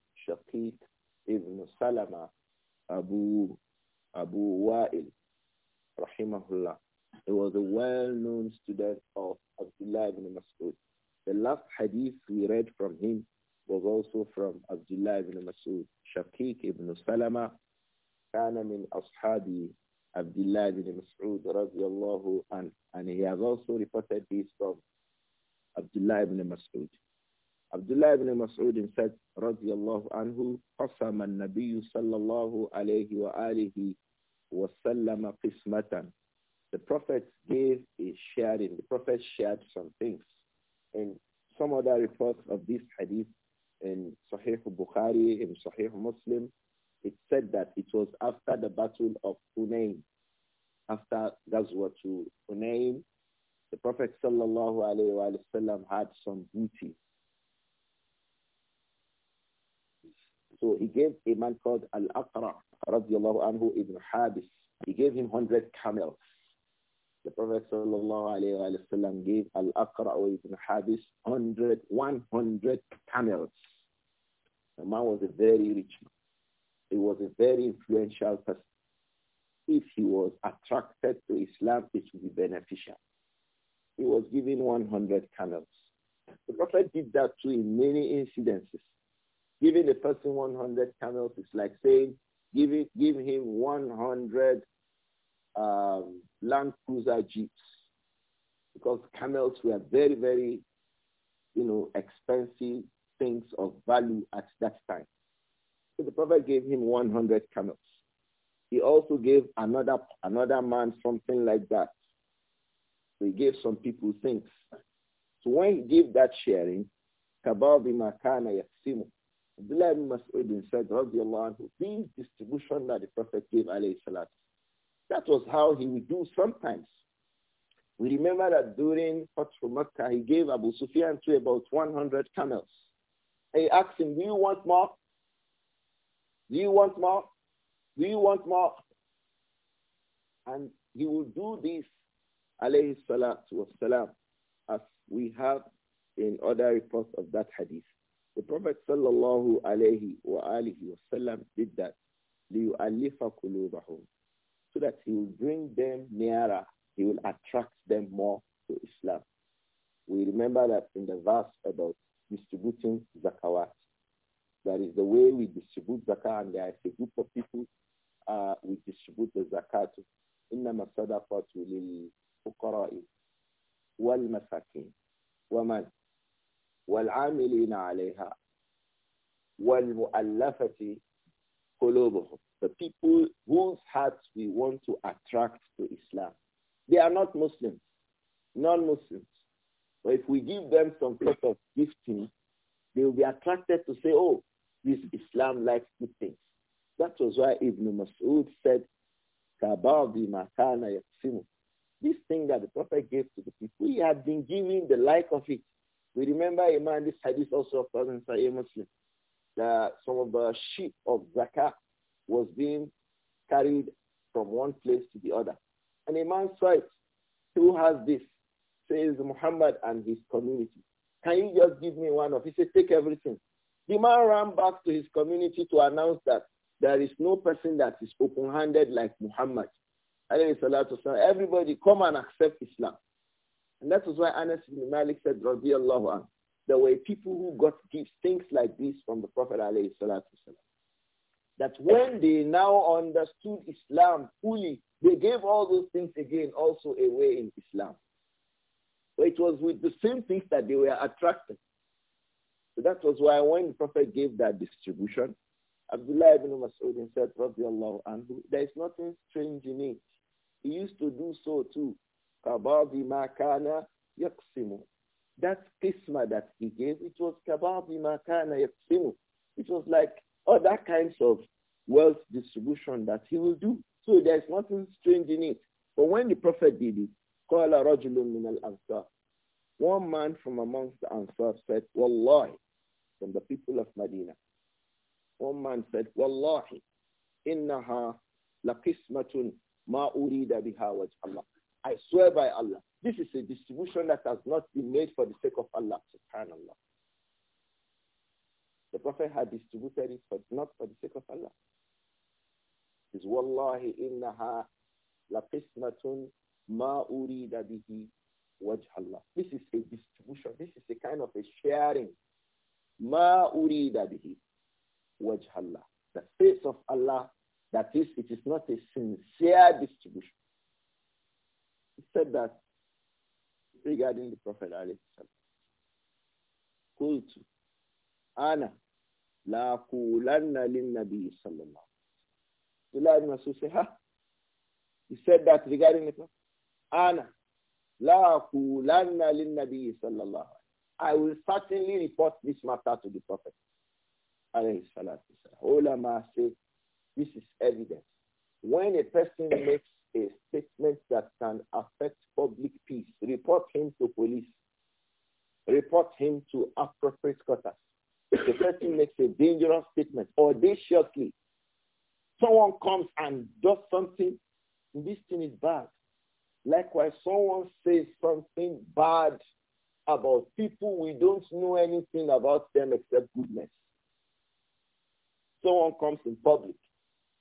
hadith we read from him was also from Abdullah ibn Masud, Shaqiq ibn Salama, كان من أصحاب عبد ibn Mas'ud and he has also reported this from Abdullah ibn Mas'ud. Abdullah ibn Mas'ud said رضي الله عنه قسم The Prophet gave a sharing. The Prophet shared some things some other reports of this hadith in Sahih Bukhari, in Sahih Muslim, it said that it was after the battle of Hunayn, after Ghazwa to Hunayn, the Prophet sallallahu had some booty. So he gave a man called Al-Aqra, radiallahu anhu, Ibn Habis. He gave him 100 camels. Prophet وسلم, gave Al-Aqra ibn Habis 100, 100 camels. The man was a very rich man. He was a very influential person. If he was attracted to Islam, it would be beneficial. He was given 100 camels. The Prophet did that too in many incidences. Giving a person 100 camels is like saying, give, it, give him 100 um, Land Cruiser jeeps because camels were very, very, you know, expensive things of value at that time. So the Prophet gave him 100 camels. He also gave another, another man something like that. So he gave some people things. So when he gave that sharing, Kabal bima kana The Abdullah ibn Mas'ud said, these distribution that the Prophet gave, alayhi salatu that was how he would do sometimes. We remember that during Fatih Makkah, he gave Abu Sufyan to about 100 camels. He asked him, do you want more? Do you want more? Do you want more? And he would do this, alayhi salatu wasalam, as we have in other reports of that hadith. The Prophet sallallahu alayhi wa alihi wasallam did that. لِيُؤَلِّفَ قُلُوبَهُمْ so that he will bring them nearer. He will attract them more to Islam. We remember that in the verse about distributing zakawat. That is the way we distribute zakat, and there is a group of people uh, we distribute the zakat. إنما الصدقات للفقراء والمساكين ومن والعاملين عليها والمؤلفة قلوبهم the people whose hearts we want to attract to Islam. They are not Muslims, non-Muslims. But if we give them some sort of gifting, they will be attracted to say, oh, this Islam likes good things. That was why Ibn Mas'ud said, this thing that the Prophet gave to the people, he had been giving the like of it. We remember a man, this hadith also of Muslim, that some of the sheep of Zakah was being carried from one place to the other. And a man writes Who has this? Says Muhammad and his community. Can you just give me one of? He said, take everything. The man ran back to his community to announce that there is no person that is open-handed like Muhammad. Everybody come and accept Islam. And that was why Anas ibn Malik said, radiallahu there were people who got gifts, things like this from the Prophet alayhi salatu Salam that when they now understood Islam fully, they gave all those things again also away in Islam. But it was with the same things that they were attracted. So that was why when the Prophet gave that distribution, Abdullah ibn Mas'ud said, anhu, there is nothing strange in it. He used to do so too. Kabadi makana yaksimu. That kisma that he gave, it was kabadi makana yaksimu. It was like other kinds of wealth distribution that he will do. So there's nothing strange in it. But when the prophet did it, One man from amongst the Ansar said, Wallahi, from the people of Medina. One man said, Wallahi, إنها لقسمة ma urida biha وجه الله. I swear by Allah. This is a distribution that has not been made for the sake of Allah, subhanallah. The Prophet had distributed it, but not for the sake of Allah. Is wallahi innaha la qismatun ma urida bihi wajhallah. This is a distribution. This is a kind of a sharing. Ma urida bihi wajhallah. The face of Allah, that is, it is not a sincere distribution. He said that regarding the Prophet alayhi salam. Ana, La kulanna lin Nabi sallallahu Abdullah ibn He said that regarding the Prophet. Ana, la kulanna lin Nabi sallallahu I will certainly report this matter to the Prophet. Alayhi salatu Ulama say, this is evidence. When a person makes a statement that can affect public peace, report him to police. Report him to appropriate quarters the person makes a dangerous statement audaciously. Someone comes and does something. This thing is bad. Likewise, someone says something bad about people we don't know anything about them except goodness. Someone comes in public.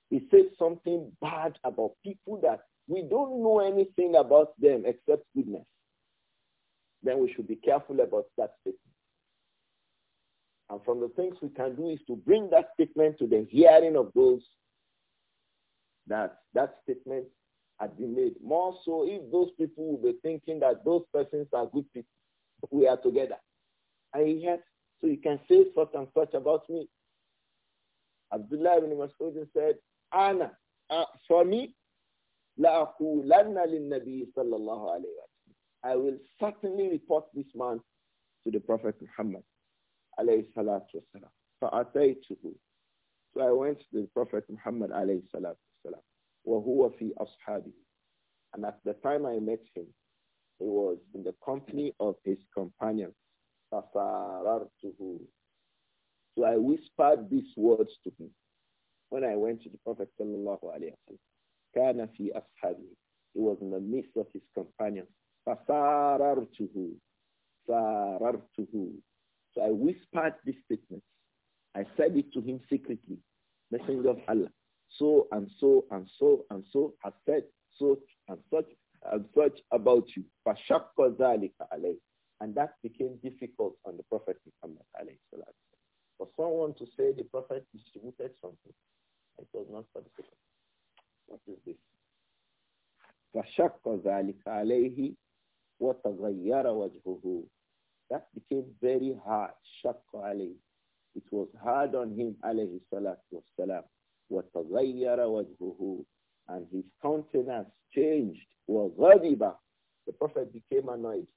He says something bad about people that we don't know anything about them except goodness. Then we should be careful about that statement. And from the things we can do is to bring that statement to the hearing of those that that statement had been made. More so if those people will be thinking that those persons are good people, we are together. And have, so you can say such and such about me. Abdullah ibn Mas'ud said, Anna, uh, for me, I will certainly report this man to the Prophet Muhammad alayhi salatu wasalam. فأتيته. So I went to the Prophet Muhammad alayhi salatu wasalam. وهو في أصحابه. And at the time I met him, he was in the company of his companions. فَفَارَرْتُهُ So I whispered these words to him when I went to the Prophet sallallahu alayhi wa كَانَ فِي أَصْحَابِهِ He was in the midst of his companions. فَفَارَرْتُهُ فَارَرْتُهُ so I whispered this statement. I said it to him secretly. Messenger of Allah, so and so and so and so has said so and such and such about you. And that became difficult on the Prophet Muhammad. For someone to say the Prophet distributed something, it was not for the sake What is this? فشق ذلك عليه وتغير وجهه that became very hard. Shaqqa alayhi. It was hard on him, alayhi salatu wasalam. وَتَغَيَّرَ And his countenance changed. The Prophet became annoyed.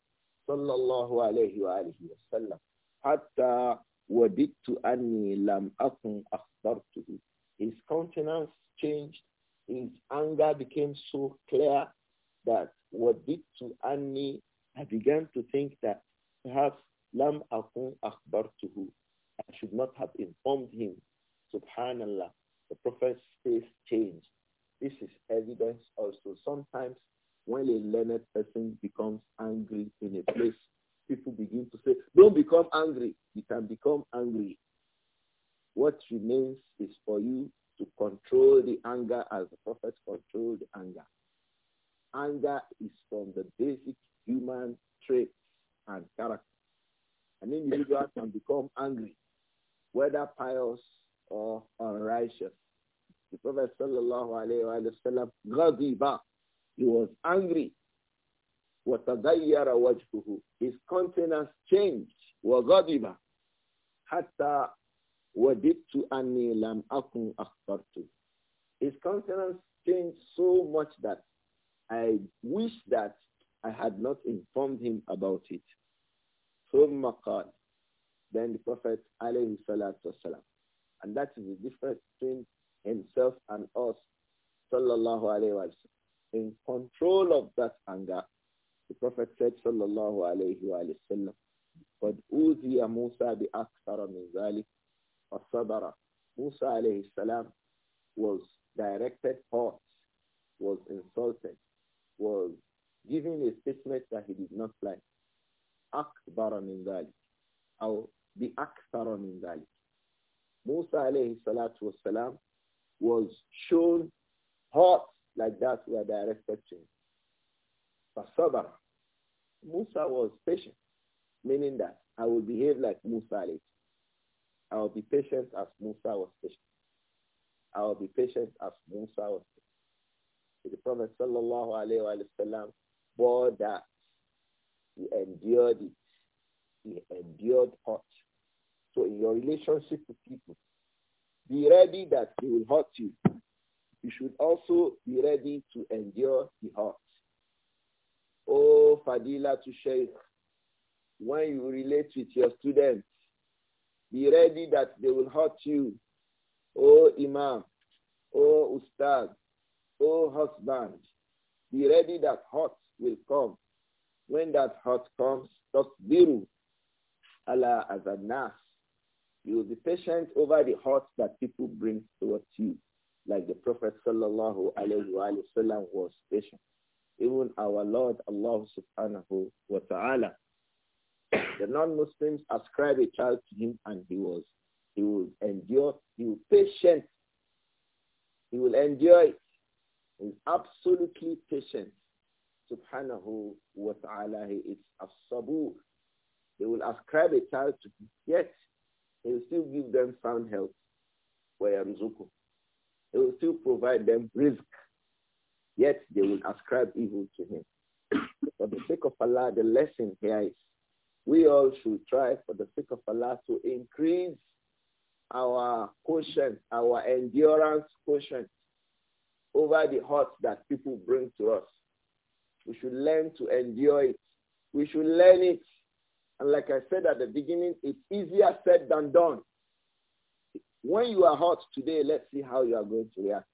Sallallahu alayhi wa alihi wa sallam. حَتَّى وَدِدْتُ أَنِّي لَمْ أَكُنْ أَخْبَرْتُهُ His countenance changed. His anger became so clear that وَدِدْتُ أَنِّي I began to think that perhaps Lam Akun Akbartuhu. I should not have informed him. Subhanallah. The Prophet's face changed. This is evidence also. Sometimes when a learned person becomes angry in a place, people begin to say, don't become angry. You can become angry. What remains is for you to control the anger as the Prophet controlled anger. Anger is from the basic human trait and character. An individual can become angry, whether pious or unrighteous. The Prophet sallallahu alayhi wa sallam, he was angry. His countenance changed. His countenance changed so much that I wish that I had not informed him about it. ثم قال Then the Prophet عليه والسلام And that is the difference between himself and us sallallahu alayhi wa In control of that anger, the Prophet said sallallahu Alaihi Wasallam, sallam قد أوذي موسى بأكثر من ذلك فصبر مُوسَى alayhi salam was directed hot, was insulted, was giving a statement that he did not lie. أكبر من ذلك أو بأكثر من ذلك. Musa alayhi salatu wasalam was shown hearts like that were directed to him. فصبر. Musa was patient, meaning that I will behave like Musa alayhi. I will be patient as Musa was patient. I will be patient as Musa was patient. the Prophet sallallahu alayhi wa sallam bore that. He endured it. He endured hurt. So in your relationship with people, be ready that they will hurt you. You should also be ready to endure the hurt. Oh, Fadila to Sheikh, when you relate with your students, be ready that they will hurt you. Oh, Imam, oh, Ustad, oh, husband, be ready that hurt will come. When that hurt comes, Just tasbiru a nurse. You will be patient over the hurt that people bring towards you, like the Prophet sallallahu alaihi wasallam was patient. Even our Lord Allah subhanahu wa ta'ala. The non-Muslims ascribe a child to him and he was, he will endure, he will patient. He will endure it. He is absolutely patient subhanahu wa ta'ala, he is as-sabur. He will ascribe a child to him, yet he will still give them sound health. وَيَرْزُقُ He will still provide them risk, yet they will ascribe evil to him. for the sake of Allah, the lesson here is we all should try for the sake of Allah to increase our quotient, our endurance quotient over the hurt that people bring to us. We should learn to endure it. We should learn it. And like I said at the beginning, it's easier said than done. When you are hot today, let's see how you are going to react.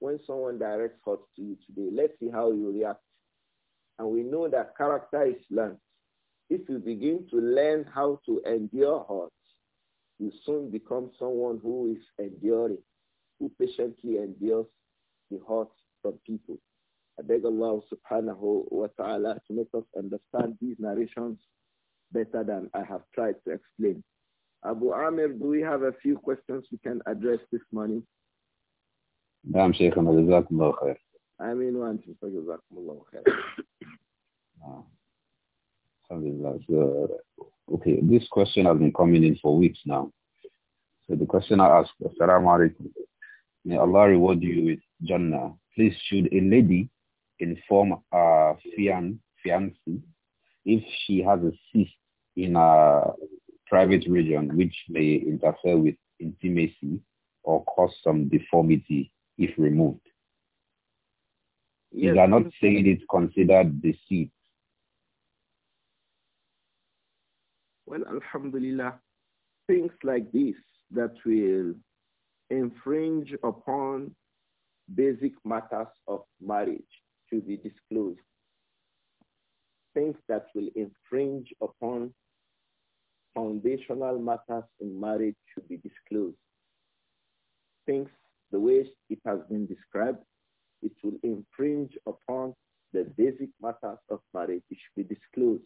When someone directs hot to you today, let's see how you react. And we know that character is learned. If you begin to learn how to endure hot, you soon become someone who is enduring, who patiently endures the hurt from people. I beg Allah subhanahu wa ta'ala to make us understand these narrations better than I have tried to explain. Abu Amir, do we have a few questions we can address this morning? نعم شيخنا جزاكم الله خير. آمين جزاكم الله خير. okay, this question has been coming in for weeks now. So the question I asked, Assalamu alaikum. May Allah reward you with Jannah. Please, should a lady inform her fian- fiancé if she has a cyst in a private region which may interfere with intimacy or cause some deformity if removed. Yes. are not saying it's considered deceit. Well, alhamdulillah, things like this that will infringe upon basic matters of marriage to be disclosed. Things that will infringe upon foundational matters in marriage should be disclosed. Things the way it has been described, it will infringe upon the basic matters of marriage. It should be disclosed.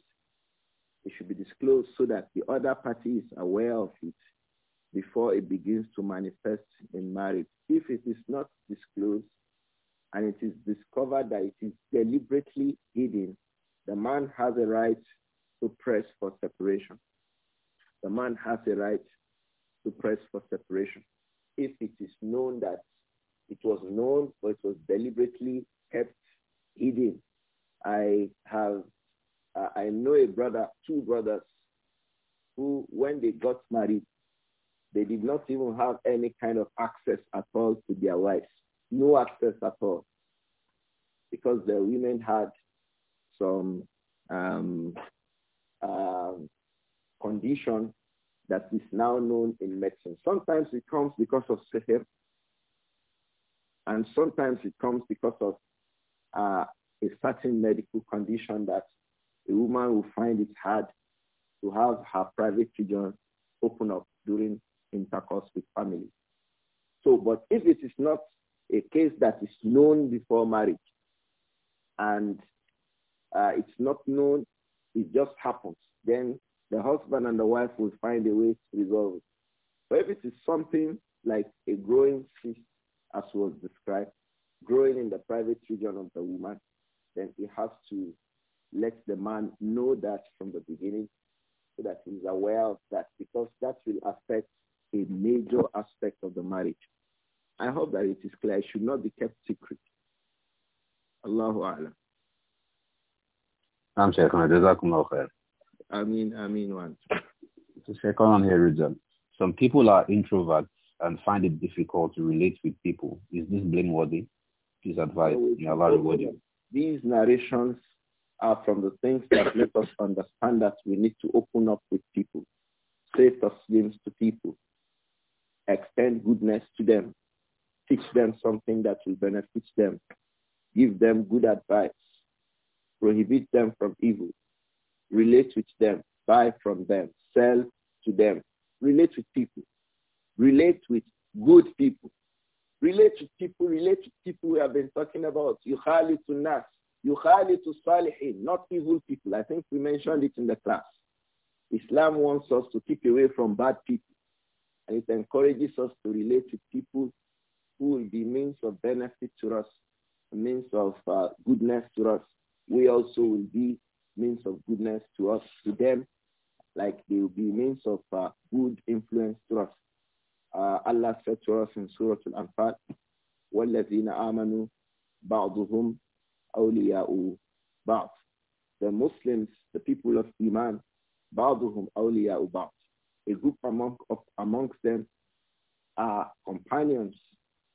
It should be disclosed so that the other party is aware of it before it begins to manifest in marriage. If it is not disclosed, and it is discovered that it is deliberately hidden, the man has a right to press for separation. The man has a right to press for separation if it is known that it was known or it was deliberately kept hidden. I have, uh, I know a brother, two brothers, who when they got married, they did not even have any kind of access at all to their wives no access at all because the women had some um, uh, condition that is now known in medicine. Sometimes it comes because of seher, and sometimes it comes because of uh, a certain medical condition that a woman will find it hard to have her private children open up during intercourse with family. So, but if it is not a case that is known before marriage and uh, it's not known, it just happens. Then the husband and the wife will find a way to resolve it. But if it is something like a growing cyst, as was described, growing in the private region of the woman, then he has to let the man know that from the beginning so that he's aware of that because that will affect a major aspect of the marriage. I hope that it is clear. It should not be kept secret. Allahu A'lam. I'm Sheikh Jazakumullah khair. Ameen, Ameen one. on here, Rizal. Some people are introverts and find it difficult to relate with people. Is this blameworthy? Please advise. May Allah reward you. These narrations are from the things that let us understand that we need to open up with people, say taslims to people, extend goodness to them, teach them something that will benefit them, give them good advice, prohibit them from evil, relate with them, buy from them, sell to them, relate with people, relate with good people, relate with people, relate with people we have been talking about, to nas, to salihin, not evil people. I think we mentioned it in the class. Islam wants us to keep away from bad people and it encourages us to relate with people who will be means of benefit to us, means of uh, goodness to us. We also will be means of goodness to us, to them, like they will be means of uh, good influence to us. Uh, Allah said to us in Surah Al-Anfal, وَالَّذِينَ آمَنُوا بَعْضُهُمْ أَوْلِيَاءُ بَعْضٍ The Muslims, the people of Iman, بَعْضُهُمْ أَوْلِيَاءُ بَعْضٍ A group among, of, amongst them are companions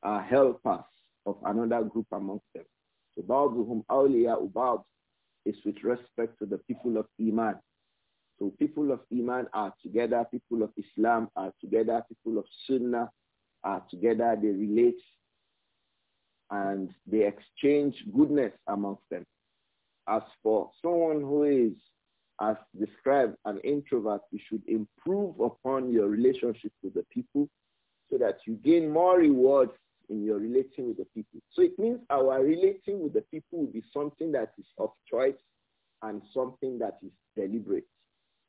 are helpers of another group amongst them. So whom awliya ubab is with respect to the people of Iman. So people of Iman are together, people of Islam are together, people of Sunnah are together, they relate and they exchange goodness amongst them. As for someone who is, as described, an introvert, you should improve upon your relationship with the people so that you gain more rewards in your relating with the people. So it means our relating with the people will be something that is of choice and something that is deliberate.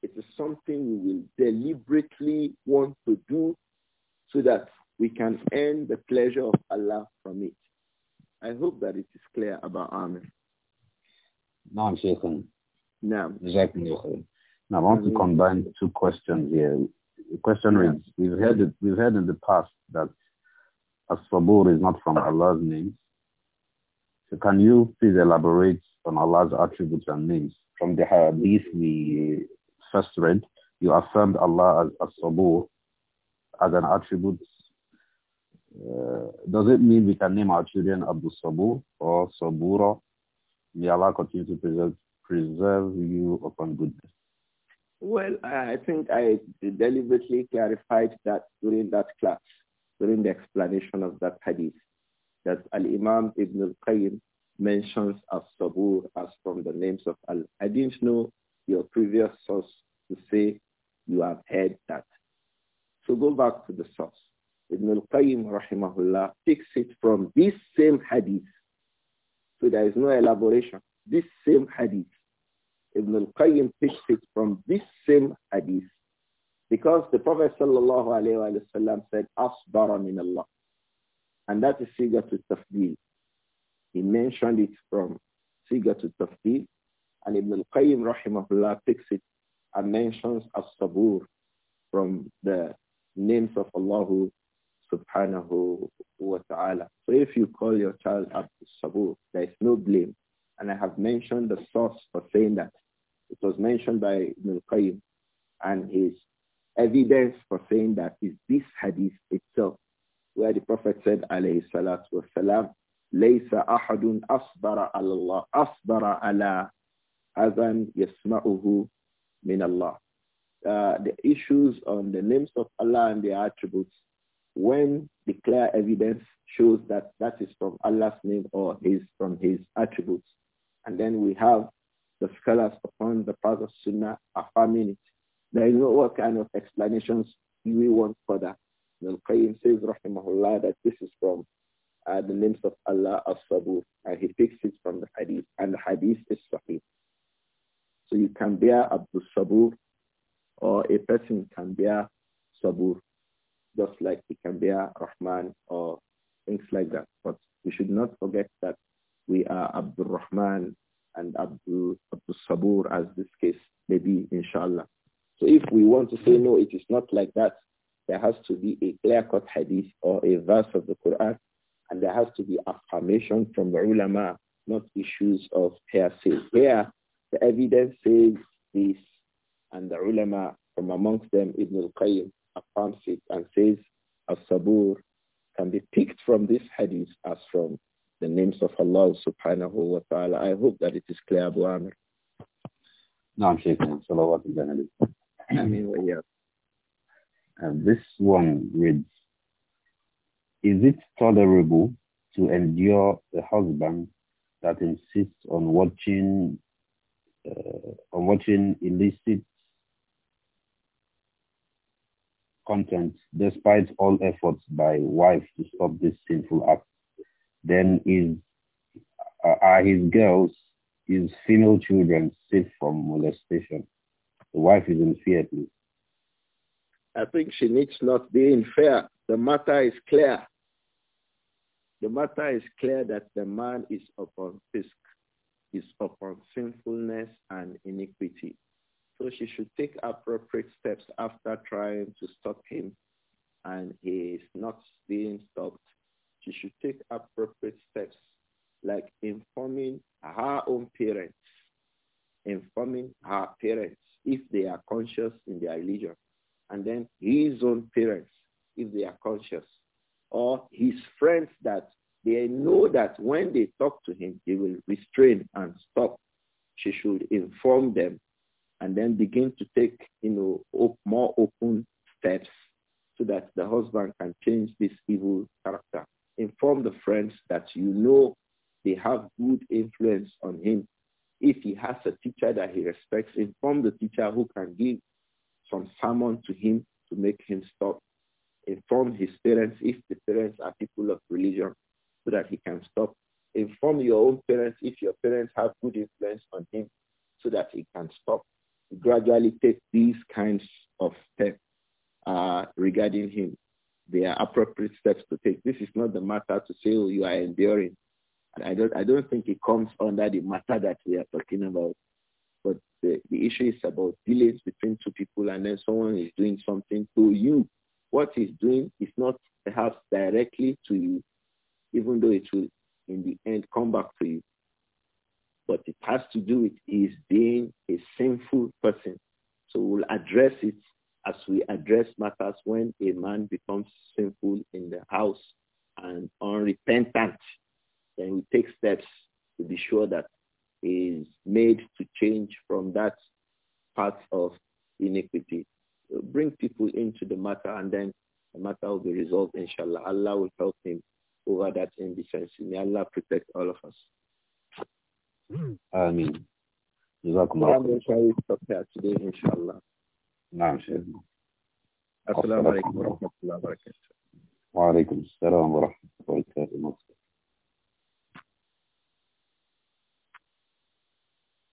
It is something we will deliberately want to do so that we can earn the pleasure of Allah from it. I hope that it is clear about Amen. shaking. No, exactly. Now, I want to combine two questions here. The question is, we've heard, it, we've heard in the past that as-Sabur is not from Allah's names. So can you please elaborate on Allah's attributes and names? From the hadith we first read, you affirmed Allah as As-Sabur as an attribute. Uh, does it mean we can name our children Abdul Sabur or Sabura? May Allah continue to preserve, preserve you upon goodness. Well, I think I deliberately clarified that during that class during the explanation of that hadith that Al-Imam Ibn al-Qayyim mentions As-Sabur as from the names of Al. I didn't know your previous source to say you have heard that. So go back to the source. Ibn al-Qayyim rahimahullah takes it from this same hadith. So there is no elaboration. This same hadith. Ibn al-Qayyim takes it from this same hadith because the Prophet sallallahu alayhi wa said, Asbara min Allah. And that is figure to tafdeel. He mentioned it from figure to tafdeel. And Ibn al-Qayyim rahimahullah takes it and mentions as-sabur from the names of Allah subhanahu wa ta'ala. So if you call your child as Sabur, there is no blame. And I have mentioned the source for saying that. It was mentioned by Ibn al-Qayyim and his evidence for saying that is this hadith itself, where the Prophet said, alayhi salatu wa ليس أحد asbara على الله أصبر على أذى min من Uh, the issues on the names of Allah and their attributes, when the clear evidence shows that that is from Allah's name or his from his attributes. And then we have the scholars upon the path of Sunnah affirming it there is no what kind of explanations we want for that. The qayyim says, rahimahullah, that this is from uh, the names of Allah as-Sabur. And he takes it from the hadith. And the hadith is sahih. So you can bear Abdul Sabur or a person can bear Sabur just like he can bear Rahman or things like that. But we should not forget that we are Abdul Rahman and Abdul, Abdul Sabur as this case may be, inshallah. So if we want to say, no, it is not like that, there has to be a clear-cut hadith or a verse of the Quran, and there has to be affirmation from the ulama, not issues of hearsay. Here, the evidence says this, and the ulama from amongst them, Ibn al-Qayyim, affirms it and says, as-sabur can be picked from this hadith as from the names of Allah subhanahu wa ta'ala. I hope that it is clear, Abu Amr. نعم شيخنا صلوات الله عليه anyway, yes. Uh, this one reads, Is it tolerable to endure a husband that insists on watching uh, on watching illicit content despite all efforts by wife to stop this sinful act? Then is uh, are his girls, his female children safe from molestation? The wife is in fear, please. I think she needs not be in fear. The matter is clear. The matter is clear that the man is upon fisk, is upon sinfulness and iniquity. So she should take appropriate steps after trying to stop him and he is not being stopped. She should take appropriate steps like informing her own parents, informing her parents if they are conscious in their religion. And then his own parents, if they are conscious. Or his friends that they know that when they talk to him, they will restrain and stop. She should inform them and then begin to take, you know, op more open steps so that the husband can change this evil character. Inform the friends that you know they have good influence on him if he has a teacher that he respects, inform the teacher who can give some sermon to him to make him stop. Inform his parents if the parents are people of religion so that he can stop. Inform your own parents if your parents have good influence on him so that he can stop. Gradually take these kinds of steps uh, regarding him. They are appropriate steps to take. This is not the matter to say, oh, you are enduring. I don't, I don't think it comes under the matter that we are talking about. But the, the issue is about delays between two people and then someone is doing something to you. What he's doing is not perhaps directly to you, even though it will in the end come back to you. But it has to do with his being a sinful person. So we'll address it as we address matters when a man becomes sinful in the house and unrepentant then we take steps to be sure that is made to change from that part of iniquity. So bring people into the matter and then the matter will be resolved, inshallah. Allah will help him over that indecency. May Allah protect all of us. Hmm. Ameen. Jazakumullah. inshallah. Naam, Shaykh. Assalamu alaikum wa rahmatullahi wa barakatuh. Wa alaikum assalam wa rahmatullahi wa barakatuh.